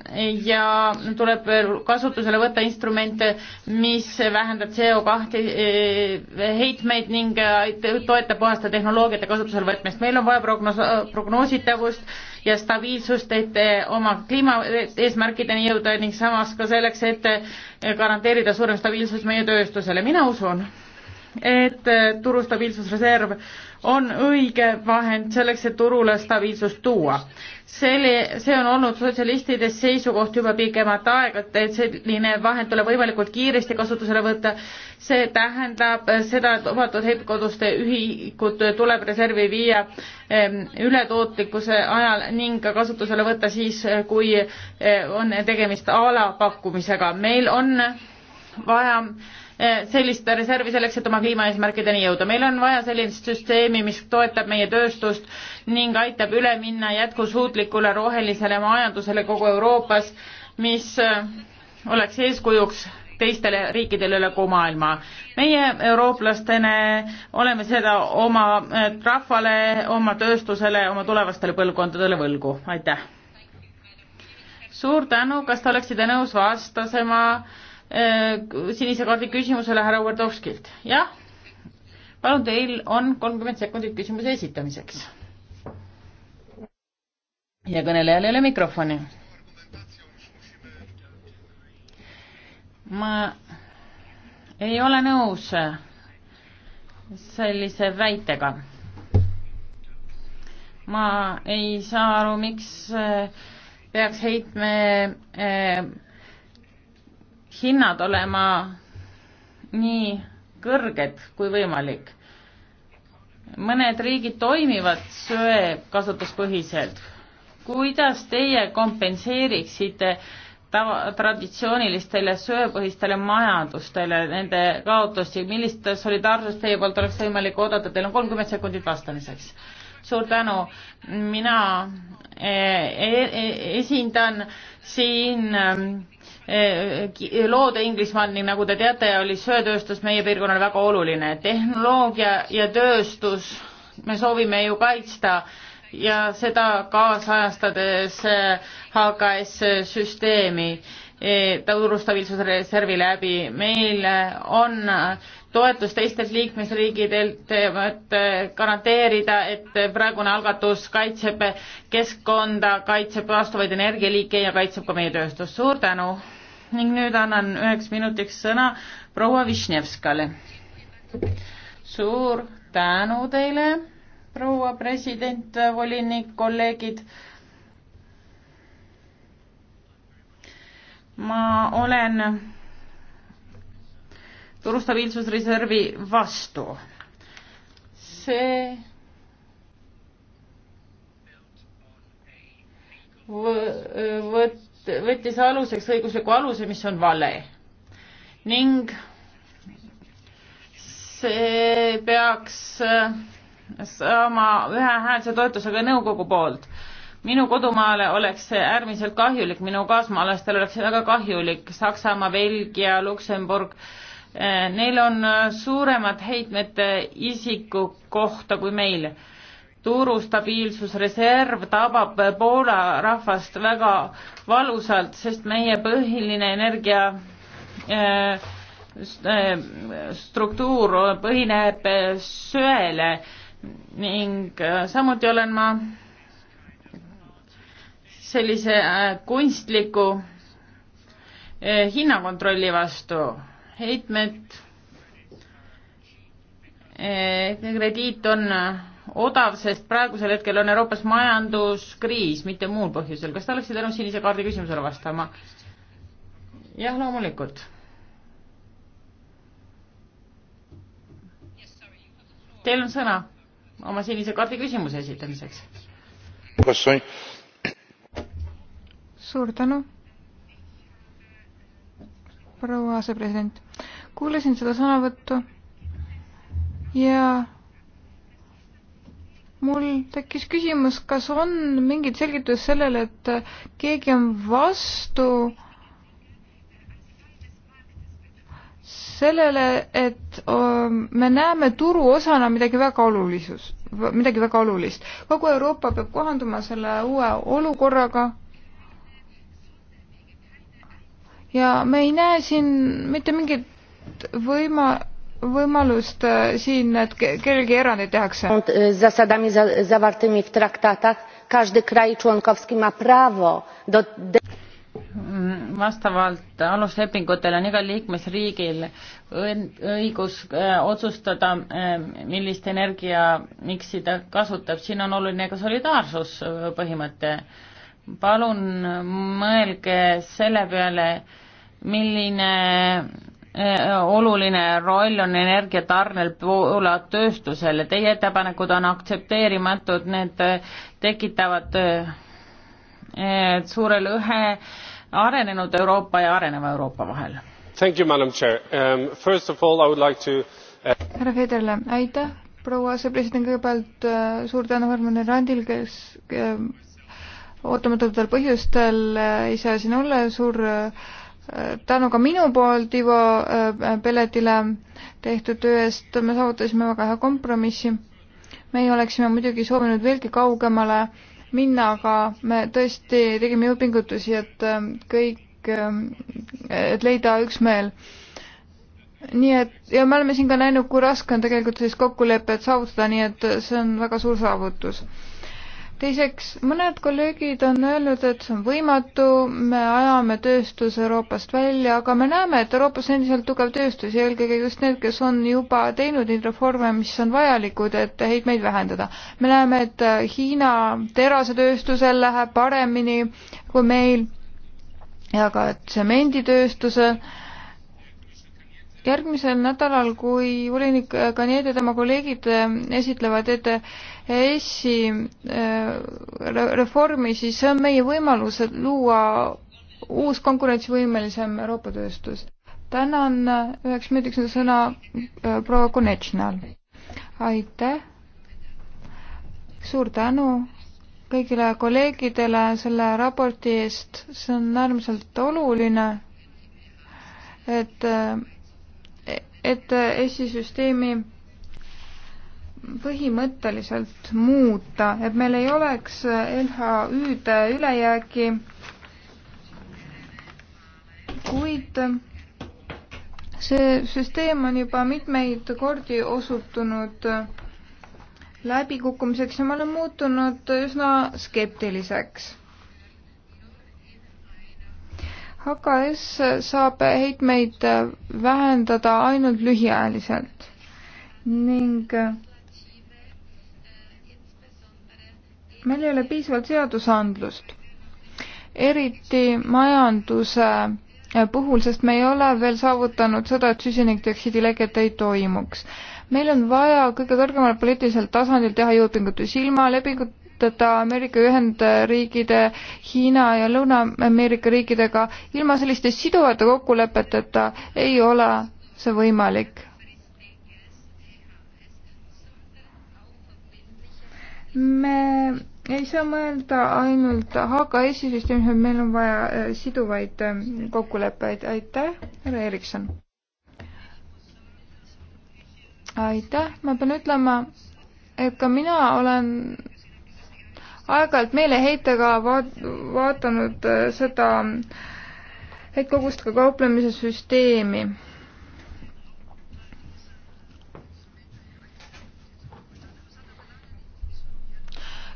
ja tuleb kasutusele võtta instrumente, mis vähendab CO2 äh, heitmeid ning äh, toetab puhaste tehnoloogiate kasutusele võtmist. meil on vaja prognoos, prognoositavust ja stabiilsust, et äh, oma kliimaeesmärkideni jõuda ning samas ka selleks, et garanteerida suurem stabiilsus meie tööstusele. mina usun et äh, turu stabiilsusreserv on õige vahend selleks, et turule stabiilsust tuua. selle, see on olnud sotsialistide seisukoht juba pikemat aega, et selline vahend tuleb võimalikult kiiresti kasutusele võtta. see tähendab seda, et lubatud heitkoduste ühikud tuleb reservi viia ähm, ületootlikkuse ajal ning ka kasutusele võtta siis, kui äh, on tegemist alapakkumisega. meil on vaja Eh, sellist reservi selleks, et oma kliimaeesmärkideni jõuda. meil on vaja sellist süsteemi, mis toetab meie tööstust ning aitab üle minna jätkusuutlikule rohelisele majandusele kogu Euroopas, mis eh, oleks eeskujuks teistele riikidele üle kogu maailma. meie eurooplastena oleme seda oma eh, rahvale, oma tööstusele, oma tulevastele põlvkondadele võlgu, aitäh! suur tänu, kas te oleksite nõus vastasema äh, Äh, sinise kaardi küsimusele härra Vardovskilt. jah, palun, teil on kolmkümmend sekundit küsimuse esitamiseks. ja kõnelejal ei ole mikrofoni. ma ei ole nõus sellise väitega. ma ei saa aru, miks äh, peaks heitme äh, hinnad olema nii kõrged kui võimalik. mõned riigid toimivad söe kasutuspõhiselt. kuidas teie kompenseeriksite tava, traditsioonilistele söepõhistele majandustele nende kaotusi, millist solidaarsust teie poolt oleks võimalik oodata, teil on kolmkümmend sekundit vastamiseks. suur tänu, mina e e esindan siin ähm, lood Inglismaani, nagu te teate, oli söetööstus meie piirkonnale väga oluline. tehnoloogia ja tööstus, me soovime ju kaitsta ja seda kaasajastades HKS eh, süsteemi eh, turustabiilsusreservi läbi. meil eh, on toetus teistelt liikmesriigidelt, et garanteerida, et praegune algatus kaitseb keskkonda, kaitseb vastavaid energialiike ja kaitseb ka meie tööstust. suur tänu! ning nüüd annan üheks minutiks sõna proua Višnevskale. suur tänu teile, proua president, volinik, kolleegid. ma olen turu stabiilsusreservi vastu. see võt-, võttis aluseks õigusliku aluse, mis on vale ning see peaks äh, saama ühehäälse toetusega nõukogu poolt. minu kodumaale oleks see äärmiselt kahjulik, minu kaasmaalastel oleks see väga kahjulik, Saksamaa, Belgia, Luksemburg, äh, neil on äh, suuremad heitmed isiku kohta kui meil turustabiilsusreserv tabab Poola rahvast väga valusalt, sest meie põhiline energia äh, äh, struktuur põhineb söele ning äh, samuti olen ma sellise kunstliku hinnakontrolli vastu. heitmed, krediit on odav, sest praegusel hetkel on Euroopas majanduskriis, mitte muul põhjusel. kas te oleksite nõus sinise kaardi küsimusele vastama? jah, loomulikult. Teil on sõna oma sinise kaardi küsimuse esitamiseks. suur tänu, proua asepresident. kuulasin seda sõnavõttu ja mul tekkis küsimus, kas on mingit selgitust sellele, et keegi on vastu sellele, et me näeme turuosana midagi väga olulisus, midagi väga olulist. kogu Euroopa peab kohanduma selle uue olukorraga. ja me ei näe siin mitte mingit võima-, võimalust äh, siin, et kellelgi erandeid tehakse. zasadami zawartymi w traktatach każdy kraj członkowski ma prawo do mm, vastavalt aluslepingutele on igal liikmesriigil õigus äh, otsustada, äh, millist energiamiksi ta kasutab, siin on oluline ka solidaarsuspõhimõte. palun mõelge selle peale, milline Eh, oluline roll on energiatarnel Poola tööstusele. Teie ettepanekud on aktsepteerimatud, need eh, tekitavad eh, suure lõhe arenenud Euroopa ja areneva Euroopa vahel. Um, härra Federle, aitäh, proua asepresident, kõigepealt suur tänu Herman Randil, kes ootamatutel põhjustel ei saa siin olla, suur äh, tänu ka minu poolt Ivo äh, Pelletile tehtud töö eest me saavutasime väga hea kompromissi. meie oleksime muidugi soovinud veelgi kaugemale minna, aga me tõesti tegime jõupingutusi, et äh, kõik, äh, et leida üksmeel. nii et ja me oleme siin ka näinud, kui raske on tegelikult sellist kokkulepet saavutada, nii et see on väga suur saavutus teiseks, mõned kolleegid on öelnud, et see on võimatu, me ajame tööstus Euroopast välja, aga me näeme, et Euroopas on endiselt tugev tööstus ja eelkõige just need, kes on juba teinud neid reforme, mis on vajalikud, et heitmeid vähendada. me näeme, et Hiina terasetööstusel läheb paremini kui meil ja ka tsemenditööstusel järgmisel nädalal, kui volinik Kanied ja tema kolleegid esitlevad ette EAS-i eh, reformi, siis see on meie võimalus luua uus konkurentsivõimelisem Euroopa tööstus. tänan, üheks minutiks on sõna eh, proua Konechnal. aitäh, suur tänu kõigile kolleegidele selle raporti eest, see on äärmiselt oluline, et, eh, et EAS-i süsteemi põhimõtteliselt muuta, et meil ei oleks LHÜ-de ülejäägi, kuid see süsteem on juba mitmeid kordi osutunud läbikukkumiseks ja ma olen muutunud üsna skeptiliseks HKS saab heitmeid vähendada ainult lühiajaliselt ning meil ei ole piisavalt seadusandlust, eriti majanduse äh, puhul, sest me ei ole veel saavutanud seda, et süsinikdioksiidi leket ei toimuks. meil on vaja kõige kõrgemal poliitilisel tasandil teha jõupingutusi ilma lepingut suhetada Ameerika Ühendriikide, Hiina ja Lõuna-Ameerika riikidega, ilma selliste siduvate kokkulepeteta ei ole see võimalik. me ei saa mõelda ainult HKS-i süsteemis, meil on vaja äh, siduvaid ähm, kokkuleppeid. aitäh, härra Erikson. aitäh, ma pean ütlema, et ka mina olen aeg-ajalt meeleheitega vaat-, vaatanud äh, seda heitkogustega kauplemise süsteemi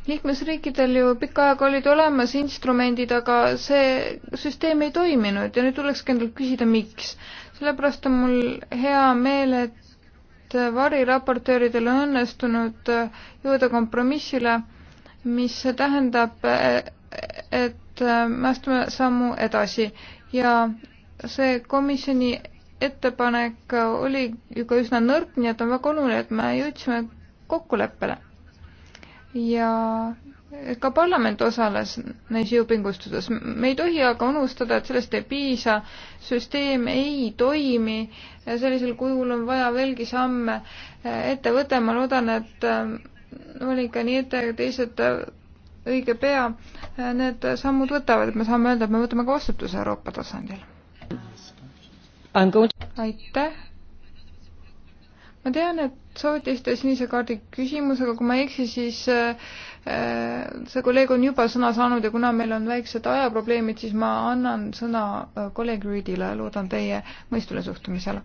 liikmesriikidel ju pikka aega olid olemas instrumendid, aga see süsteem ei toiminud ja nüüd tulekski endalt küsida, miks. sellepärast on mul hea meel, et variraportööridel on õnnestunud jõuda kompromissile, mis tähendab, et me astume sammu edasi ja see komisjoni ettepanek oli ju ka üsna nõrk, nii et on väga oluline, et me jõudsime kokkuleppele ja ka parlament osales neis jõupingustuses. me ei tohi aga unustada, et sellest ei piisa, süsteem ei toimi ja sellisel kujul on vaja veelgi samme ette võtta ja ma loodan, et äh, olin ka nii ette, aga teised äh, õige pea äh, need sammud võtavad, et me saame öelda, et me võtame ka vastutuse Euroopa tasandil. aitäh ma tean, et soovite esitada sinise kaardi küsimuse, aga kui ma ei eksi, siis äh, äh, see kolleeg on juba sõna saanud ja kuna meil on väiksed ajaprobleemid, siis ma annan sõna äh, kolleeg Reedile, loodan teie mõistule suhtumisele.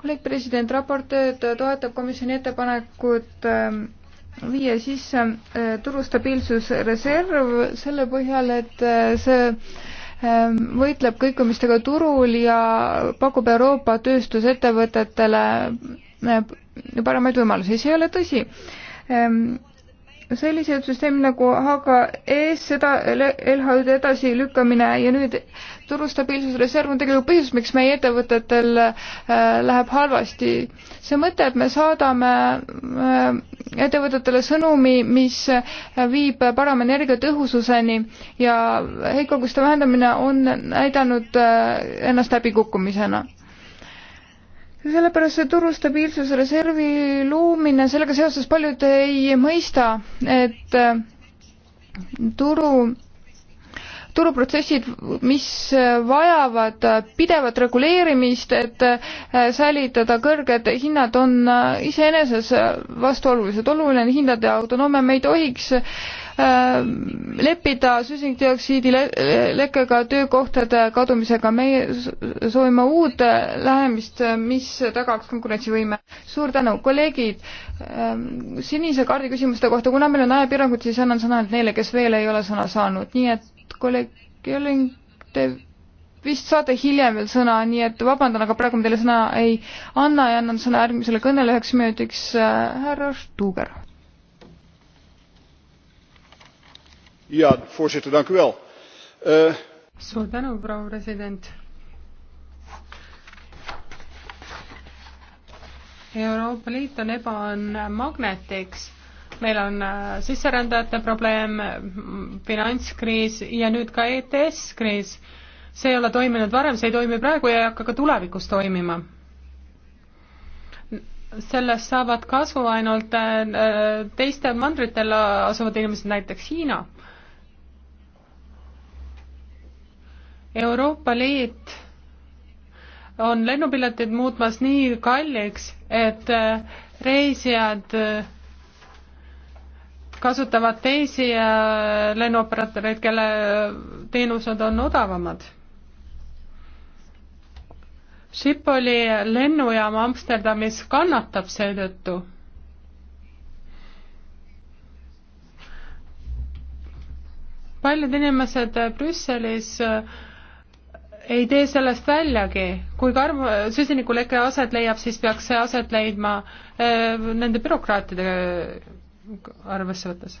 kolleeg president, raportöör toetab komisjoni ettepanekut äh, viia sisse äh, turustabiilsusreserv selle põhjal, et äh, see Ehm, võitleb kõikumistega turul ja pakub Euroopa tööstusettevõtetele eh, paremaid võimalusi, see ei ole tõsi ehm, sellised süsteemid nagu HKS, e seda LHÜ-de edasilükkamine ja nüüd turustabiilsusreserv on tegelikult põhjus, miks meie ettevõtetel äh, läheb halvasti. see mõte, et me saadame äh, ettevõtetele sõnumi, mis äh, viib parema energiatõhususeni ja heitkoguste vähendamine on näidanud ennast läbikukkumisena sellepärast see turu stabiilsusreservi loomine, sellega seoses paljud ei mõista, et äh, turu, turuprotsessid, mis vajavad pidevat reguleerimist, et äh, säilitada kõrged hinnad, on äh, iseenesest vastuolulised. oluline on hindade autonoomia, me ei tohiks äh, Äh, leppida süsinikdioksiidi le lekkega, töökohtade kadumisega, meie soovime uut äh, lähenemist, äh, mis tagaks konkurentsivõime. suur tänu, kolleegid, ähm, sinise kaardi küsimuste kohta, kuna meil on ajapiirangud, siis annan sõna ainult neile, kes veel ei ole sõna saanud, nii et kolleeg Jüling, te vist saate hiljem veel sõna, nii et vabandan, aga praegu ma teile sõna ei anna ja annan sõna järgmisele kõnele üheks minutiks, härra Stuuger voorzitter dank u wel. Eh, suur tänu proua president! euroopa liit on ebaõnn magnetiks meil on eh, sisserändajate probleem finantskriis ja nüüd ka ets kriis see ei ole toiminud varem see ei toimi praegu ja ei hakka ka tulevikus toimima sellest saavad kasu ainult eh, teistel mandritel asuvad inimesed näiteks hiina Euroopa Liit on lennupiletid muutmas nii kalliks, et äh, reisijad äh, kasutavad teisi äh, lennuoperaatoreid, kelle teenused on odavamad. Schipoli lennujaam Amsterdamis kannatab seetõttu. paljud inimesed Brüsselis äh, ei tee sellest väljagi. kui karm süsinikuleke aset leiab, siis peaks see aset leidma äh, nende bürokraatide äh, arvesse võttes.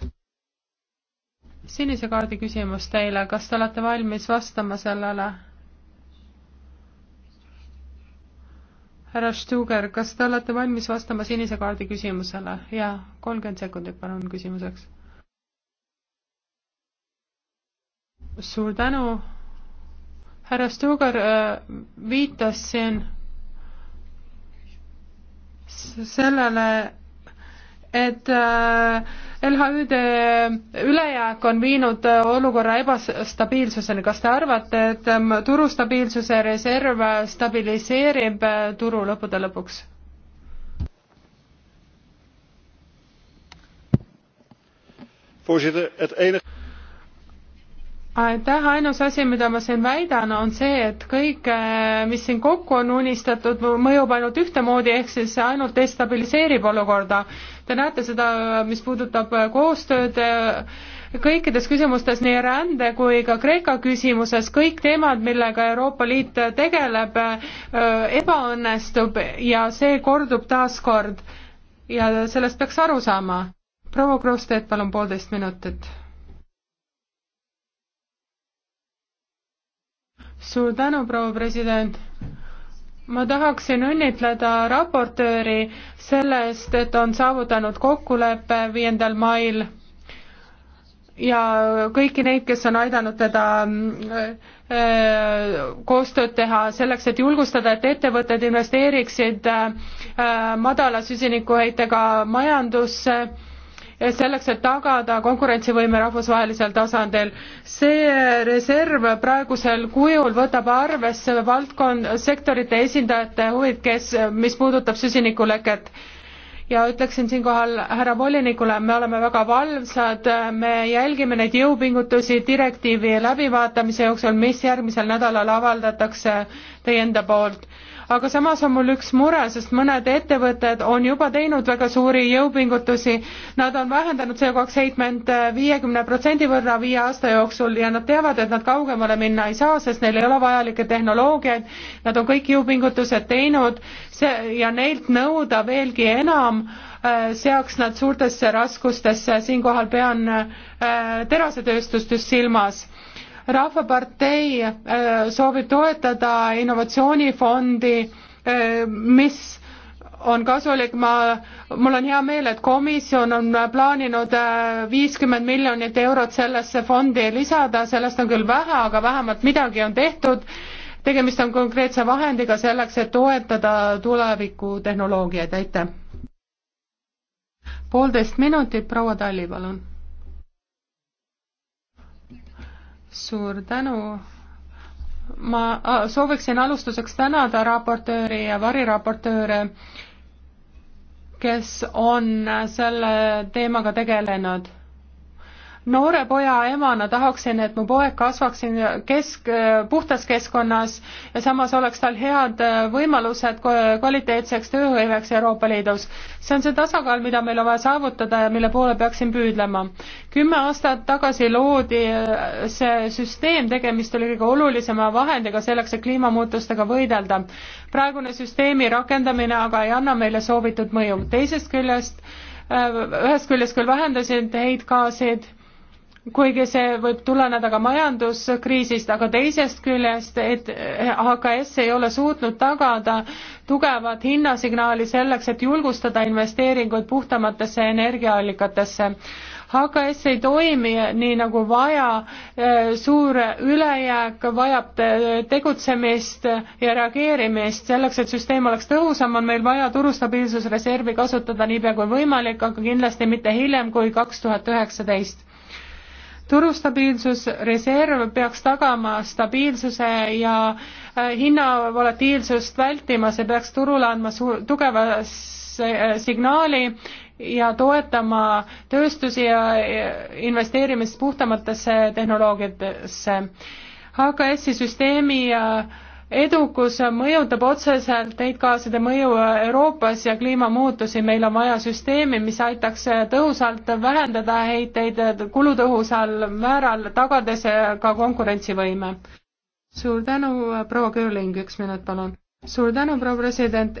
sinise kaardi küsimus teile, kas te olete valmis vastama sellele? härra Stuger, kas te olete valmis vastama sinise kaardi küsimusele? jaa, kolmkümmend sekundit palun küsimuseks. suur tänu härra Stugar äh, viitas siin sellele, et äh, LHÜ-de ülejääk on viinud äh, olukorra ebastabiilsuseni. kas te arvate, et ähm, turustabiilsuse reserv stabiliseerib turu lõppude lõpuks? voorzitter het enige aitäh, ainus asi, mida ma siin väidan, on see, et kõik, äh, mis siin kokku on unistatud, mõjub ainult ühtemoodi, ehk siis ainult destabiliseerib olukorda. Te näete seda, mis puudutab äh, koostööd äh, kõikides küsimustes, nii rände kui ka Kreeka küsimuses, kõik teemad, millega Euroopa Liit tegeleb, ebaõnnestub ja see kordub taas kord. ja sellest peaks aru saama. proua Kroossteed, palun poolteist minutit suur tänu, proua president. ma tahaksin õnnitleda raportööri sellest, et on saavutanud kokkulepe viiendal mail ja kõiki neid, kes on aidanud teda äh, äh, koostööd teha selleks, et julgustada, et ettevõtted investeeriksid äh, madala süsinikuheitega majandusse selleks, et tagada konkurentsivõime rahvusvahelisel tasandil. see reserv praegusel kujul võtab arvesse valdkond, sektorite esindajate huvid, kes, mis puudutab süsinikuleket ja ütleksin siinkohal härra volinikule, me oleme väga valvsad, me jälgime neid jõupingutusi direktiivi läbivaatamise jooksul, mis järgmisel nädalal avaldatakse teie enda poolt aga samas on mul üks mure, sest mõned ettevõtted on juba teinud väga suuri jõupingutusi, nad on vähendanud CO2 heitment äh, viiekümne protsendi võrra viie aasta jooksul ja nad teavad, et nad kaugemale minna ei saa, sest neil ei ole vajalikke tehnoloogiaid, nad on kõik jõupingutused teinud see, ja neilt nõuda veelgi enam äh, seaks nad suurtesse raskustesse, siinkohal pean äh, terasetööstust just silmas rahvapartei äh, soovib toetada innovatsioonifondi, äh, mis on kasulik, ma, mul on hea meel, et komisjon on plaaninud äh, viiskümmend miljonit eurot sellesse fondi lisada, sellest on küll vähe, aga vähemalt midagi on tehtud. tegemist on konkreetse vahendiga selleks, et toetada tulevikutehnoloogiaid, aitäh. poolteist minutit, proua Talli, palun suur tänu. ma sooviksin alustuseks tänada raportööri ja variraportööre, kes on selle teemaga tegelenud noore poja emana tahaksin, et mu poeg kasvaks siin kesk, puhtas keskkonnas ja samas oleks tal head äh, võimalused kvaliteetseks tööhõiveks Euroopa Liidus. see on see tasakaal, mida meil on vaja saavutada ja mille poole peaksin püüdlema. kümme aastat tagasi loodi äh, see süsteem, tegemist oli kõige olulisema vahendiga selleks, et kliimamuutustega võidelda. praegune süsteemi rakendamine aga ei anna meile soovitud mõju. teisest küljest äh, ühest küljest küll vähendasid heitgaasid, kuigi see võib tuleneda ka majanduskriisist, aga teisest küljest, et HKS ei ole suutnud tagada tugevat hinnasignaali selleks, et julgustada investeeringuid puhtamatesse energiaallikatesse. HKS ei toimi nii nagu vaja, suur ülejääk vajab tegutsemist ja reageerimist, selleks et süsteem oleks tõhusam, on meil vaja turustabiilsusreservi kasutada niipea kui võimalik, aga kindlasti mitte hiljem kui kaks tuhat üheksateist turustabiilsusreserv peaks tagama stabiilsuse ja äh, hinnavolatiilsust vältima, see peaks turule andma suur, tugeva äh, signaali ja toetama tööstusi ja äh, investeerimist puhtamatesse tehnoloogiatesse. HKS-i süsteemi ja edukus mõjutab otseselt neid gaaside mõju Euroopas ja kliimamuutusi, meil on vaja süsteemi, mis aitaks tõhusalt vähendada heiteid kulutõhusal määral, tagades ka konkurentsivõime. suur tänu, proua Kööling, üks minut palun suur tänu, proua president.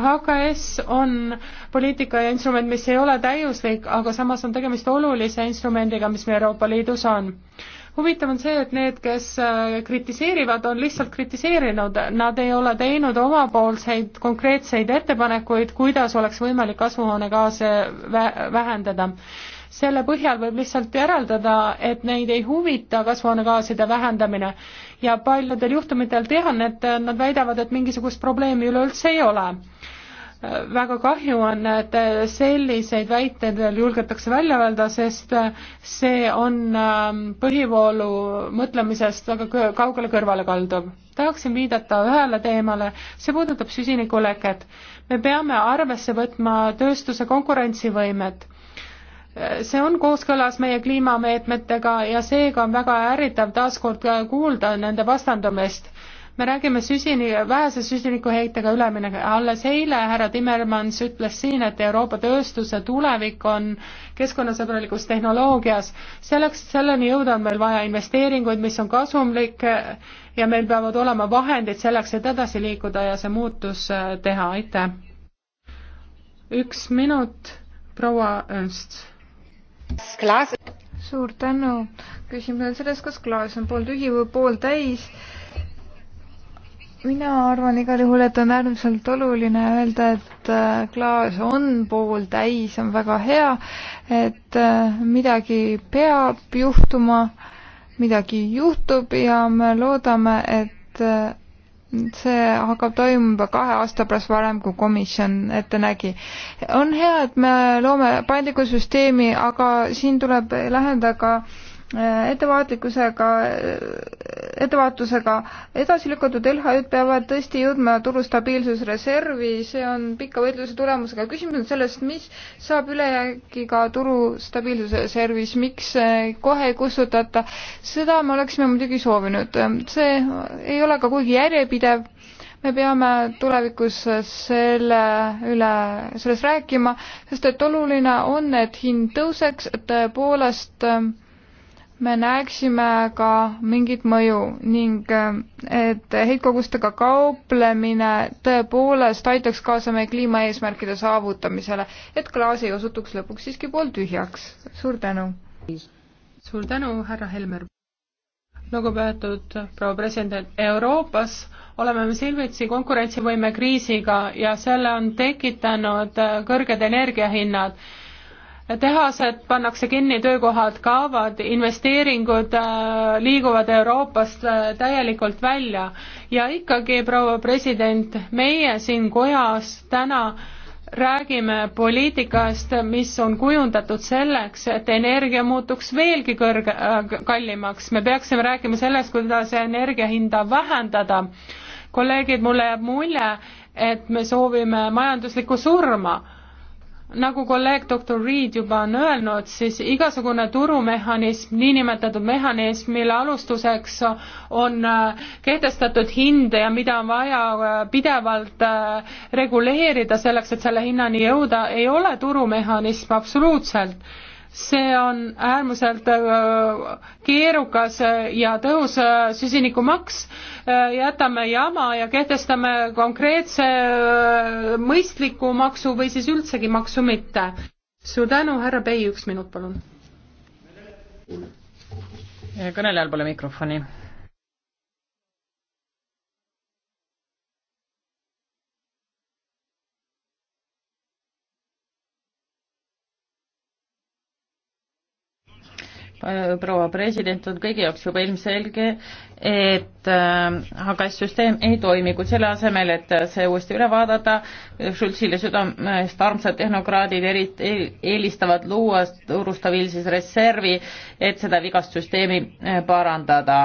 HKS on poliitika ja instrument, mis ei ole täiuslik, aga samas on tegemist olulise instrumendiga, mis meil Euroopa Liidus on huvitav on see, et need, kes äh, kritiseerivad, on lihtsalt kritiseerinud, nad ei ole teinud omapoolseid konkreetseid ettepanekuid, kuidas oleks võimalik kasvuhoonegaase vä vähendada selle põhjal võib lihtsalt järeldada, et neid ei huvita kasvuhoonegaaside vähendamine ja paljudel juhtumitel tean, et nad väidavad, et mingisugust probleemi üleüldse ei ole väga kahju on, et selliseid väiteid veel julgetakse välja öelda, sest see on ähm, põhivoolu mõtlemisest väga kaugele kõrvale kalduv. tahaksin viidata ühele teemale, see puudutab süsinikuleket. me peame arvesse võtma tööstuse konkurentsivõimet see on kooskõlas meie kliimameetmetega ja seega on väga ärritav taaskord kuulda nende vastandumist me räägime süsini, vähese süsinikuheitega üleminek, alles eile härra Timmermans ütles siin, et Euroopa tööstuse tulevik on keskkonnasõbralikus tehnoloogias. selleks, selleni jõuda on meil vaja investeeringuid, mis on kasumlik ja meil peavad olema vahendid selleks, et edasi liikuda ja see muutus teha, aitäh. üks minut, proua Ernst. suur tänu. küsimus on selles, kas klaas on pooltühi või pooltäis mina arvan igal juhul, et on äärmiselt oluline öelda, et äh, klaas on pooltäis, on väga hea, et äh, midagi peab juhtuma, midagi juhtub ja me loodame, et äh, see hakkab toimuma juba kahe aasta pärast varem, kui komisjon ette nägi. on hea, et me loome paindliku süsteemi, aga siin tuleb läheneda ka äh, ettevaatlikkusega, ettevaatusega edasi lükatud LHÜ-d peavad tõesti jõudma turu stabiilsusreservi, see on pika võitluse tulemusega. küsimus on sellest, mis saab ülejäägiga turu stabiilsusreservis, miks kohe ei kustutata, seda me oleksime muidugi soovinud. see ei ole ka kuigi järjepidev, me peame tulevikus selle üle, sellest rääkima, sest et oluline on, et hind tõuseks, et tõepoolest äh, me näeksime ka mingit mõju ning et heitkogustega kauplemine tõepoolest aitaks kaasa meie kliimaeesmärkide saavutamisele, et klaas ei osutuks lõpuks siiski pooltühjaks. suur tänu! suur tänu, härra Helmer! lugupeetud proua president, Euroopas oleme me silmitsi konkurentsivõime kriisiga ja selle on tekitanud kõrged energiahinnad tehased pannakse kinni, töökohad kaovad, investeeringud äh, liiguvad Euroopast äh, täielikult välja ja ikkagi, proua president, meie siin kojas täna räägime poliitikast, mis on kujundatud selleks, et energia muutuks veelgi kõrge, äh, kallimaks, me peaksime rääkima sellest, kuidas energia hinda vähendada. kolleegid, mulle jääb mulje, et me soovime majanduslikku surma nagu kolleeg doktor Reed juba on öelnud, siis igasugune turumehhanism, niinimetatud mehhanism, mille alustuseks on äh, kehtestatud hind ja mida on vaja äh, pidevalt äh, reguleerida selleks, et selle hinnani jõuda, ei ole turumehhanism absoluutselt see on äärmuselt keerukas ja tõhus süsinikumaks, jätame jama ja kehtestame konkreetse mõistliku maksu või siis üldsegi maksu mitte. suur tänu, härra Pei, üks minut palun. kõnelejal pole mikrofoni Äh, proua president, on kõigi jaoks juba ilmselge, et HKS-süsteem äh, ei toimi, kuid selle asemel, et see uuesti üle vaadata, Schultzile südamest armsad tehnokraadid eri, eelistavad luua turustabiilses reservi, et seda vigast süsteemi äh, parandada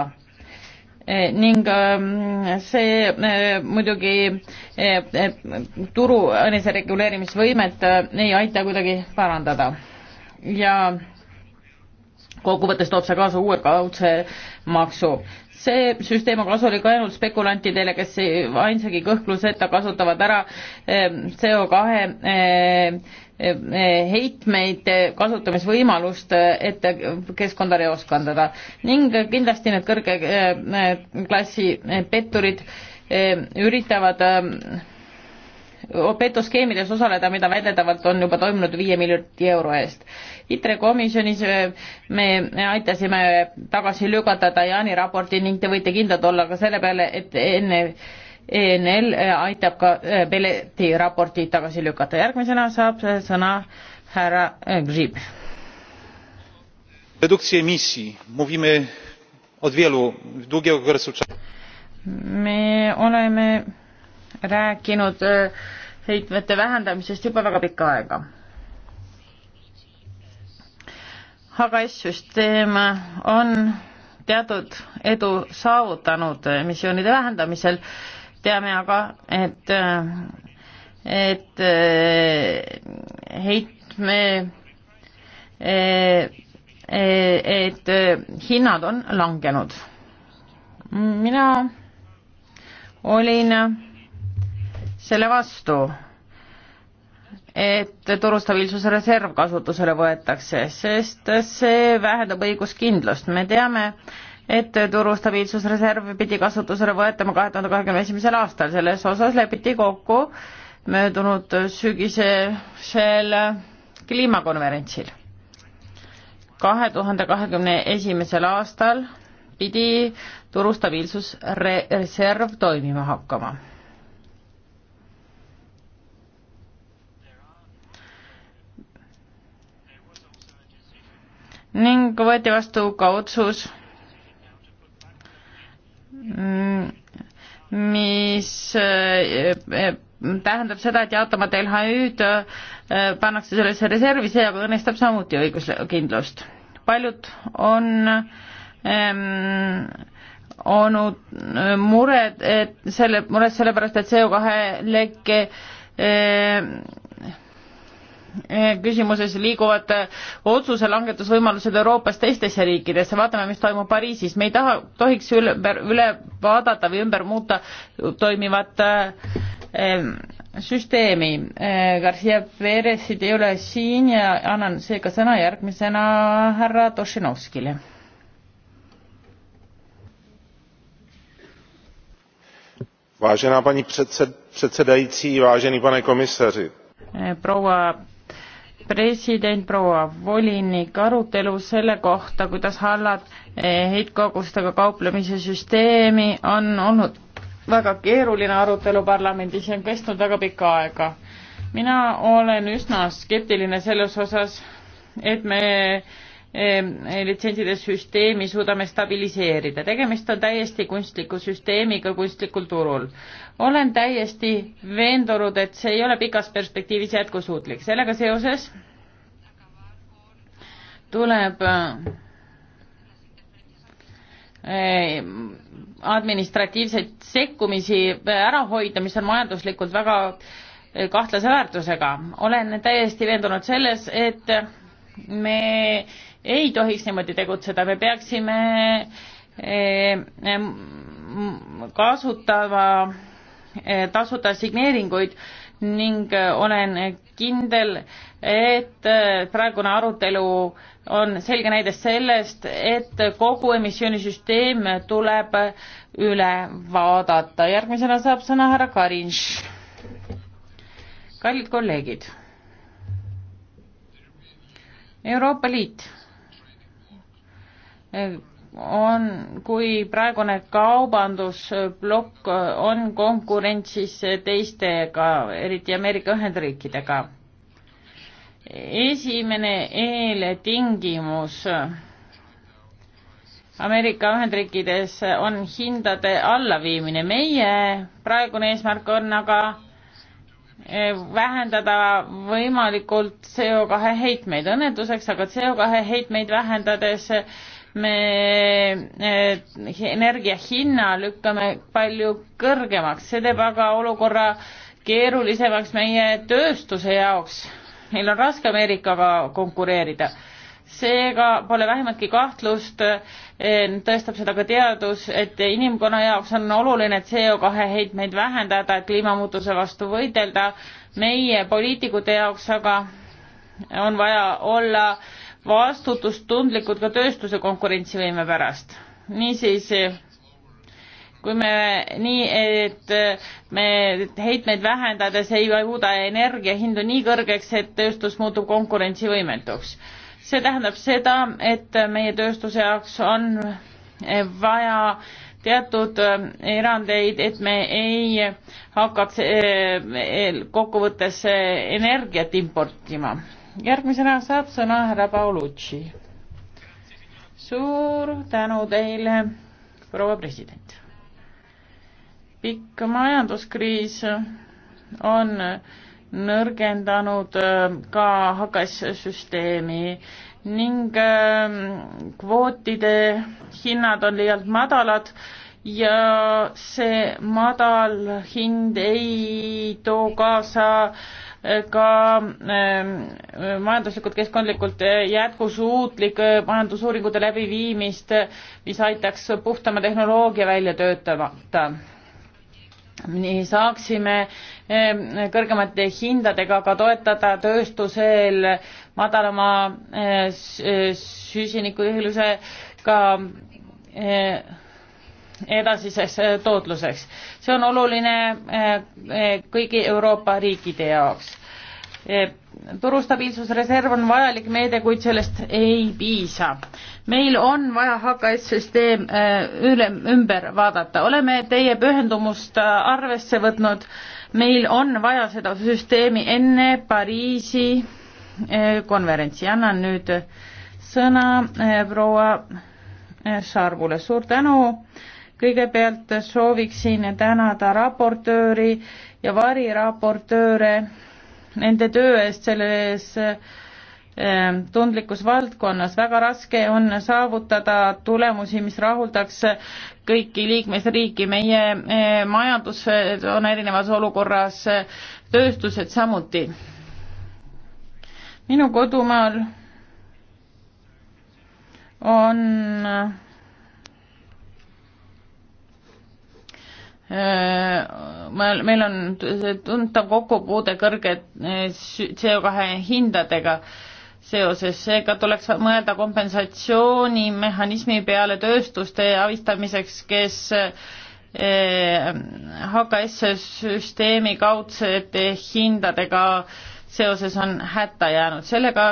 ning ähm, see muidugi turu enesereguleerimisvõimet ei aita kuidagi parandada ja kokkuvõttes toob see kaasa uue kaudse maksu. see süsteem on kasulik ainult spekulantidele, kes ainsagi kõhkluseta kasutavad ära ehm, CO kahe ehm, ehm, heitmeid kasutamisvõimalust, et keskkonda reoskandada ning kindlasti need kõrge klassi petturid üritavad petuskeemides osaleda, mida väidetavalt on juba toimunud viie miljardi euro eest ITRE komisjonis äh, me aitasime tagasi lükata Dajani raporti ning te võite kindlad olla ka selle peale, et enne ENL äh, aitab ka Beleti äh, raporti tagasi lükata. järgmisena saab sõna härra Grzyb. reduktsioonisii emisji, mówimy od wielu długiego okresu czasu. me oleme rääkinud heitmete vähendamisest juba väga pikka aega HKS-süsteem on teatud edu saavutanud emissioonide vähendamisel, teame aga, et, et heitme, et hinnad on langenud. mina olin selle vastu et turustabiilsuse reserv kasutusele võetakse, sest see vähendab õiguskindlust, me teame, et turustabiilsusreserv pidi kasutusele võetama kahe tuhande kahekümne esimesel aastal, selles osas lepiti kokku möödunud sügisesel kliimakonverentsil. kahe tuhande kahekümne esimesel aastal pidi turustabiilsusreserv toimima hakkama ning võeti vastu ka otsus, mis eh, eh, tähendab seda, et jaotamata LHÜ-d eh, pannakse sellesse reservi, see aga õnnestab samuti õiguskindlust. paljud on ähm, olnud mured, et selle, mures sellepärast, et CO2 lekke ähm, küsimuses liiguvad otsuse langetusvõimalused Euroopas teistesse riikidesse, vaatame, mis toimub Pariisis, me ei taha, tohiks üle, üle vaadata või ümber muuta toimivat äh, süsteemi äh,. Garcia Perezid ei ole siin ja annan seega sõna järgmisena härra Tošinovskile. vážená paní předsedající vážený pane komisaři äh, proua president, proua volinik, arutelu selle kohta, kuidas hallat eh, heitkogustega kauplemise süsteemi on olnud väga keeruline arutelu parlamendis ja on kestnud väga pikka aega. mina olen üsna skeptiline selles osas, et me Ehm, litsentside süsteemi suudame stabiliseerida. tegemist on täiesti kunstliku süsteemiga kunstlikul turul. olen täiesti veendunud, et see ei ole pikas perspektiivis jätkusuutlik. sellega seoses tuleb ehm, administratiivseid sekkumisi ära hoida, mis on majanduslikult väga eh, kahtlase väärtusega. olen täiesti veendunud selles, et me ei tohiks niimoodi tegutseda, me peaksime eh, kasutama eh, tasuta signeeringuid ning eh, olen kindel, et praegune arutelu on selge näide sellest, et kogu emissioonisüsteem tuleb üle vaadata. järgmisena saab sõna härra Karinš. kallid kolleegid Euroopa Liit on, kui praegune kaubandusplokk on konkurentsis teistega, eriti Ameerika Ühendriikidega. esimene eeltingimus Ameerika Ühendriikides on hindade allaviimine. meie praegune eesmärk on aga eh, vähendada võimalikult CO2 heitmeid. õnnetuseks aga CO2 heitmeid vähendades me eh, energia hinna lükkame palju kõrgemaks, see teeb aga olukorra keerulisemaks meie tööstuse jaoks. meil on raske Ameerikaga konkureerida. seega pole vähimatki kahtlust, eh, tõestab seda ka teadus, et inimkonna jaoks on oluline CO2 heitmeid vähendada, et kliimamuutuse vastu võidelda. meie poliitikute jaoks aga on vaja olla äh, vastutustundlikud ka tööstuse konkurentsivõime pärast. niisiis, kui me nii, et me heitmeid vähendades ei muuda energiahindu nii kõrgeks, et tööstus muutub konkurentsivõimetuks. see tähendab seda, et meie tööstuse jaoks on vaja teatud erandeid, et me ei hakkaks eh, kokkuvõttes energiat importima järgmisena saab sõna härra Paulucci. suur tänu teile, proua president. pikk majanduskriis on nõrgendanud äh, ka HKS-süsteemi ning äh, kvootide hinnad on liialt madalad ja see madal hind ei too kaasa äh, ka ähm, majanduslikult, keskkondlikult äh, jätkusuutlik äh, majandusuuringute läbiviimist, äh, mis aitaks puhtama tehnoloogia välja töötada nii saaksime ähm, kõrgemate hindadega ka toetada tööstusel madalama süsinikuühilusega edasiseks äh, tootluseks. see on oluline äh, äh, kõigi Euroopa riikide jaoks. turustabiilsusreserv on vajalik meede, kuid sellest ei piisa. meil on vaja HKS süsteem üle, ümber vaadata, oleme teie pühendumust arvesse võtnud, meil on vaja seda süsteemi enne Pariisi konverentsi, annan nüüd sõna proua Sarvule, suur tänu kõigepealt sooviksin tänada raportööri ja variraportööre nende töö eest selles ähm, tundlikus valdkonnas. väga raske on saavutada tulemusi, mis rahuldaks kõiki liikmesriiki. meie äh, majandus on erinevas olukorras, tööstused samuti. minu kodumaal on Äh, meil on tuntav kokkupuude kõrge äh, CO2 hindadega seoses, seega tuleks mõelda kompensatsioonimehhanismi peale tööstuste avistamiseks, kes HKS äh, süsteemi kaudsete hindadega seoses on hätta jäänud, sellega,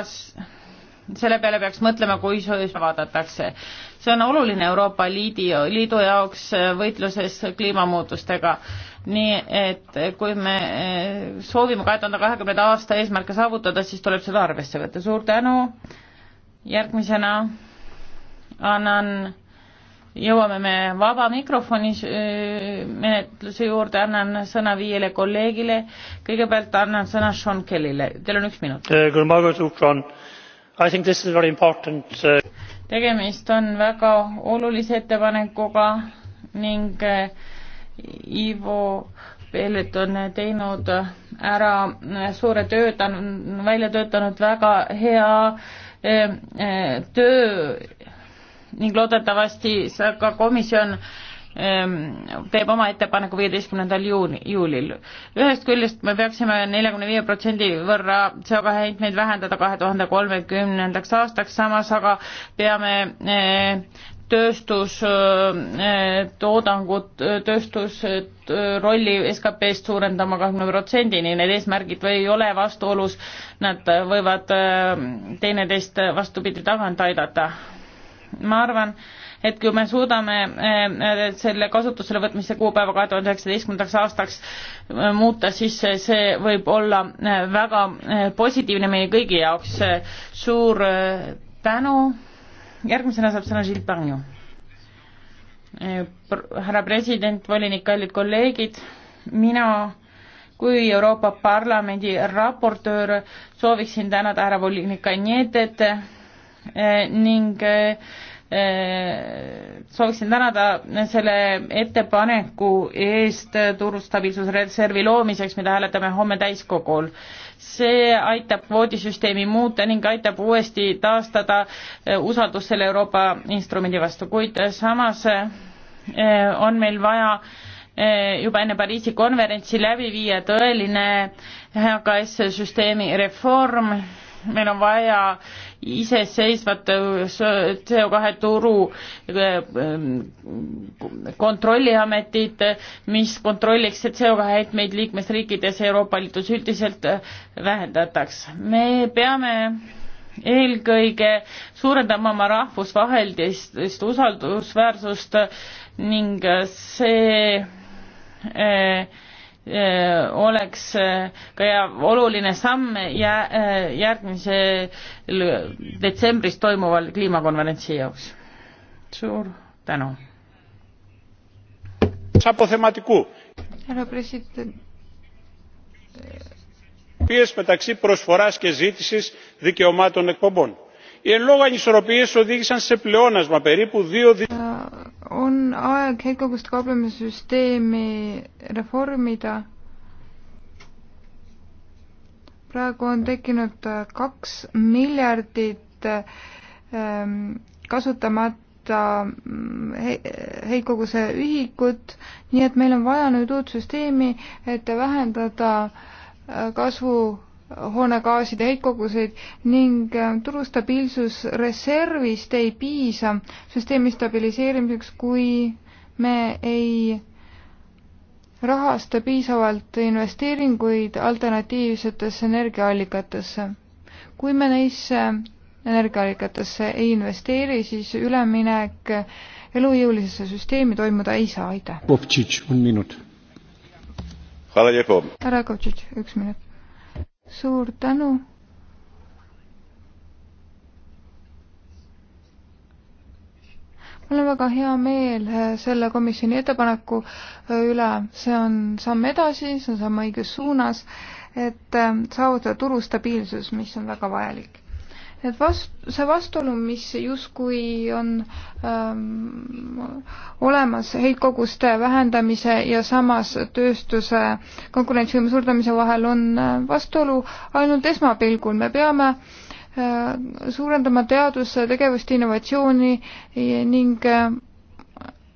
selle peale peaks mõtlema, kui vaadatakse see on oluline Euroopa Liidi, Liidu jaoks äh, võitluses kliimamuutustega. nii et äh, kui me äh, soovime kahe tuhande kahekümnenda aasta eesmärke saavutada, siis tuleb seda arvesse võtta. suur tänu, järgmisena annan jõuame me vaba mikrofoni menetluse juurde, annan sõna viiele kolleegile. kõigepealt annan sõna Sean Kellyle, teil on üks minut. Eh, tegemist on väga olulise ettepanekuga ning eh, Ivo Pellet on teinud ära suure töö, ta on välja töötanud väga hea eh, eh, töö ning loodetavasti ka komisjon Ehm, teeb oma ettepaneku viieteistkümnendal juuni, juulil. ühest küljest me peaksime neljakümne viie protsendi võrra CO2 heitmeid vähendada kahe tuhande kolmekümnendaks aastaks, samas aga peame eh, tööstustoodangut, eh, eh, tööstusrolli SKP-st suurendama kahekümne protsendini, need eesmärgid või ei ole vastuolus, nad võivad teineteist vastupidi tagant aidata. ma arvan, et kui me suudame eh, selle kasutusele võtmise kuupäeva kahe tuhande üheksateistkümnendaks aastaks eh, muuta, siis see võib olla eh, väga positiivne meie kõigi jaoks. suur tänu. järgmisena saab sõna Gilles Pagnon. härra president, volinik, kallid kolleegid, mina kui Euroopa Parlamendi raportöör sooviksin tänada härra volinik Anietet ning Äh, sooviksin tänada selle ettepaneku eest turustabiilsusreservi loomiseks, mida hääletame homme täiskogul. see aitab kvoodisüsteemi muuta ning aitab uuesti taastada äh, usaldus selle Euroopa instrumendi vastu, kuid samas äh, on meil vaja juba enne Pariisi konverentsi läbi viia tõeline HKS-süsteemi reform, meil on vaja äh, iseseisvat äh, CO2 turu äh, äh, kontrolliametit, mis kontrolliks CO2 heitmeid liikmesriikides Euroopa Liidus üldiselt vähendataks. me peame eelkõige suurendama oma rahvusvahelist usaldusväärsust ning see äh, Äh, oleks äh, ka oluline samm jää-, äh, järgmisel detsembris toimuval kliimakonverentsi jaoks. suur tänu. härra president ανισορροπίες μεταξύ προσφοράς και ζήτησης δικαιωμάτων εκπομπών. οι εν λόγω ανισορροπίες οδήγησαν σε πλεόνασμα περίπου δύο δι on aeg heitkoguste kauplemissüsteemi reformida. praegu on tekkinud kaks miljardit ähm, kasutamata mm, heitkoguse ühikut, nii et meil on vaja nüüd uut süsteemi, et vähendada äh, kasvu hoonegaaside heitkoguseid ning äh, turustabiilsusreservist ei piisa süsteemi stabiliseerimiseks, kui me ei rahasta piisavalt investeeringuid alternatiivsetesse energiaallikatesse. kui me neisse energiaallikatesse ei investeeri, siis üleminek elujõulisesse süsteemi toimuda ei saa, aitäh. härra Kovtšitš, üks minut suur tänu. mul on väga hea meel eh, selle komisjoni ettepaneku eh, üle, see on samm edasi, see on samm õiges suunas, et eh, saavutada turustabiilsus, mis on väga vajalik et vast-, see vastuolu, mis justkui on ähm, olemas heitkoguste vähendamise ja samas tööstuse konkurentsivõime suurendamise vahel, on äh, vastuolu ainult esmapilgul, me peame äh, suurendama teaduse tegevust, innovatsiooni ning äh,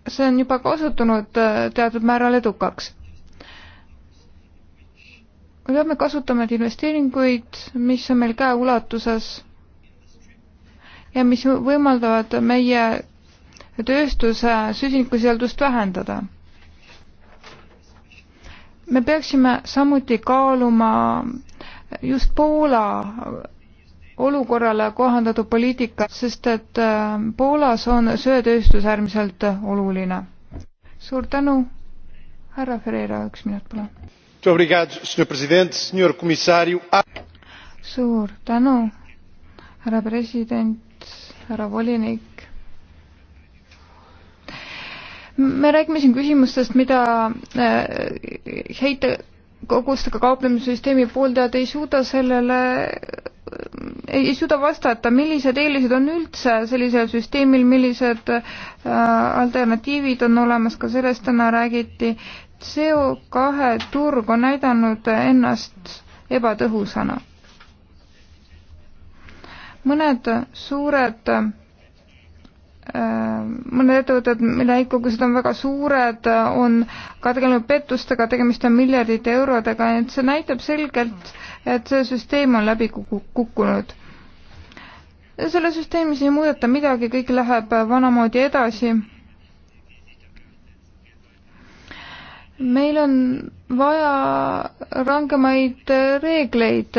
see on juba ka osutunud äh, teatud määral edukaks me peame kasutama neid investeeringuid, mis on meil käeulatuses ja mis võimaldavad meie tööstuse süsinikusisaldust vähendada. me peaksime samuti kaaluma just Poola olukorrale kohandatud poliitika, sest et äh, Poolas on söetööstus äärmiselt oluline. suur tänu, härra Ferreira, üks minut palun. suur tänu, härra president, härra volinik. me räägime siin küsimustest, mida äh, heitekogustega kauplemissüsteemi pooldajad ei suuda sellele äh, ei suuda vastata, millised eelised on üldse sellisel süsteemil, millised äh, alternatiivid on olemas, ka sellest täna räägiti. CO2 turg on näidanud ennast ebatõhusana mõned suured äh, mõned ettevõtted, mille äikogused on väga suured, on ka tegelenud pettustega, tegemist on miljardite eurodega, et see näitab selgelt, et see süsteem on läbi kukkunud. selle süsteemis ei muudeta midagi, kõik läheb vanamoodi edasi meil on vaja rangemaid reegleid,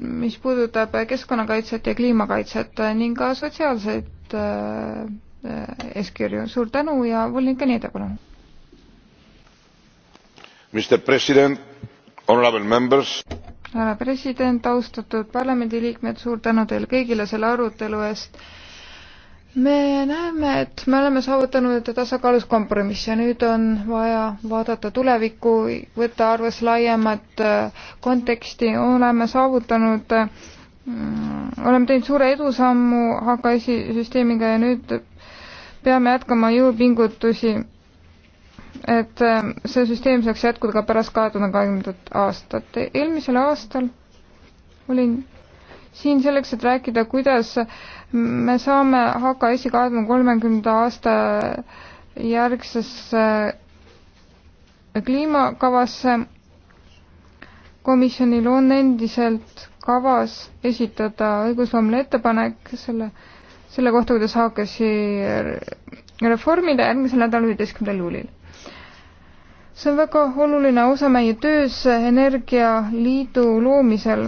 mis puudutab keskkonnakaitset ja kliimakaitset ning ka sotsiaalseid äh, eeskirju. suur tänu ja volinik Anita, palun. Mr President, honorable members. härra president, austatud parlamendiliikmed, suur tänu teile kõigile selle arutelu eest me näeme, et me oleme saavutanud tasakaalus kompromissi ja nüüd on vaja vaadata tulevikku, võtta arvesse laiemat äh, konteksti, oleme saavutanud mm, oleme teinud suure edusammu HKS-i süsteemiga ja nüüd peame jätkama jõupingutusi, et äh, see süsteem saaks jätkuda ka pärast kahe tuhande kahekümnendat aastat. eelmisel aastal olin siin selleks, et rääkida, kuidas äh, me saame HKS-i kahe tuhande kolmekümnenda aasta järgsesse kliimakavasse. komisjonil on endiselt kavas esitada õigusloomne ettepanek selle, selle kohta, kuidas HKS-i reformida järgmisel nädalal, üheteistkümnendal juulil see on väga oluline osa meie töös Energialiidu loomisel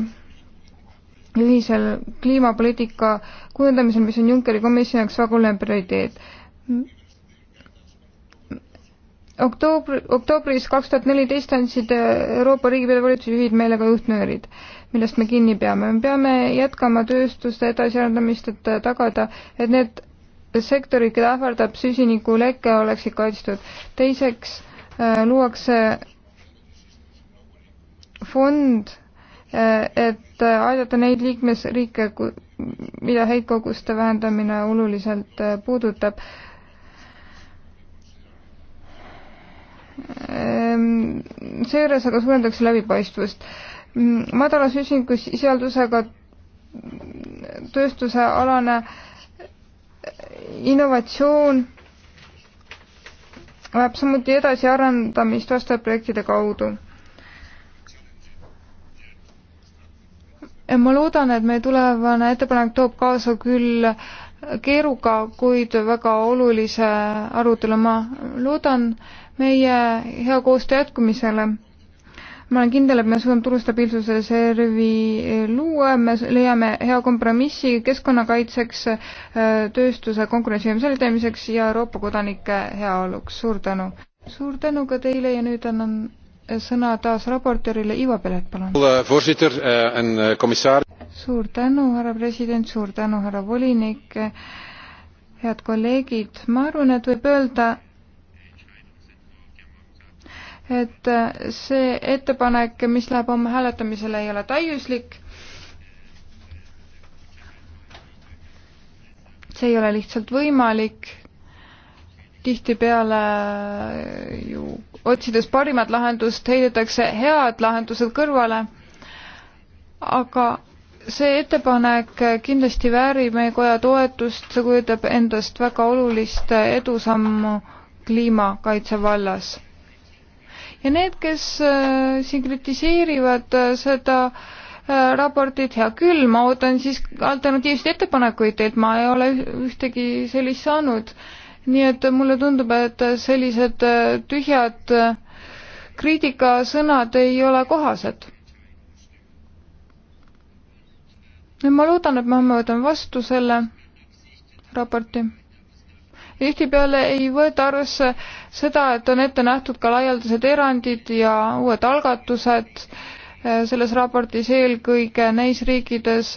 ühisel kliimapoliitika kujundamisel, mis on Junckeri komisjoni jaoks väga oluline prioriteet. oktoobri, oktoobris kaks tuhat neliteist andsid Euroopa riigipeade valitsuse juhid meile ka juhtnöörid, millest me kinni peame. me peame jätkama tööstuste edasiarendamist, et tagada, et need sektorid, keda ähvardab süsinikuleke, oleksid kaitstud. teiseks äh, luuakse fond, äh, et et äh, aidata neid liikmesriike, mida heitkoguste vähendamine oluliselt äh, puudutab. Ehm, seejuures aga suurendatakse läbipaistvust. Mm, madala süsinikusisaldusega tööstuse alane äh, innovatsioon vajab samuti edasiarendamist vastavate projektide kaudu ma loodan, et meie tulevane ettepanek toob kaasa küll keeruka, kuid väga olulise arutelu. ma loodan meie hea koostöö jätkumisele. ma olen kindel, et me suudame turustabiilsuse reservi luua, me leiame hea kompromissi keskkonnakaitseks, tööstuse konkurentsivõime säilitamiseks ja Euroopa kodanike heaoluks. suur tänu! suur tänu ka teile ja nüüd annan sõna taas raportöörile Ivo Pelet, palun. Äh, äh, äh, suur tänu, härra president, suur tänu, härra volinik, head kolleegid, ma arvan, et võib öelda, et see ettepanek, mis läheb homme hääletamisele, ei ole täiuslik. see ei ole lihtsalt võimalik tihtipeale ju otsides parimat lahendust, heidetakse head lahendused kõrvale. aga see ettepanek kindlasti väärib meie koja toetust, see kujutab endast väga olulist edusammu kliimakaitse vallas. ja need, kes äh, siin kritiseerivad äh, seda äh, raportit, hea küll, ma ootan siis alternatiivseid ettepanekuid teilt, ma ei ole ühtegi sellist saanud nii et mulle tundub, et sellised äh, tühjad äh, kriitikasõnad ei ole kohased. ma loodan, et ma võtan vastu selle raporti. tihtipeale ei võeta arvesse seda, et on ette nähtud ka laialdased erandid ja uued algatused äh, selles raportis eelkõige neis riikides,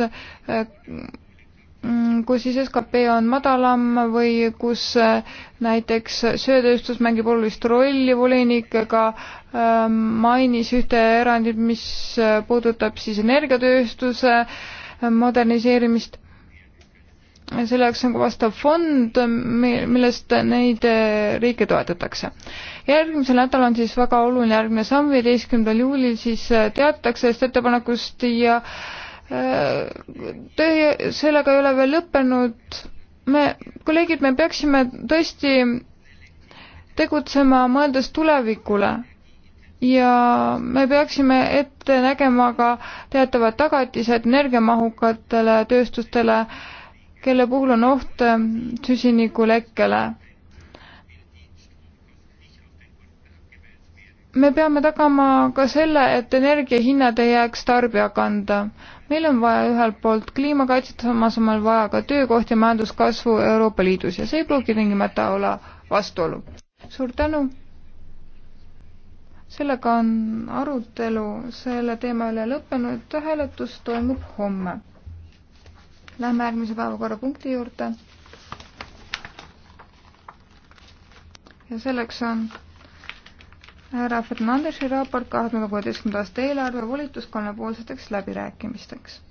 Mm, kus siis skp on madalam või kus äh, näiteks söetööstus mängib olulist rolli, volinik ka ähm, mainis ühte erandit, mis äh, puudutab siis energiatööstuse äh, moderniseerimist. selle jaoks on nagu ka vastav fond, millest neid riike toetatakse. järgmisel nädalal on siis väga oluline järgmine samm, viieteistkümnendal juulil siis teatakse sellest ettepanekust ja äh, töö sellega ei ole veel lõppenud. me, kolleegid, me peaksime tõesti tegutsema mõeldes tulevikule ja me peaksime ette nägema ka teatavad tagatised energiamahukatele tööstustele, kelle puhul on oht süsinikulekkele. me peame tagama ka selle, et energiahinnad ei jääks tarbija kanda meil on vaja ühelt poolt kliimakaitset, samas on meil vaja ka töökohti ja majanduskasvu Euroopa Liidus ja see ei pruugi tingimata olla vastuolu. suur tänu! sellega on arutelu selle teema üle lõppenud, hääletus toimub homme. Lähme järgmise päevakorrapunkti juurde. ja selleks on härra Fernandesi raport kahe tuhande kuueteistkümnenda aasta eelarve volituskonnapoolseteks läbirääkimisteks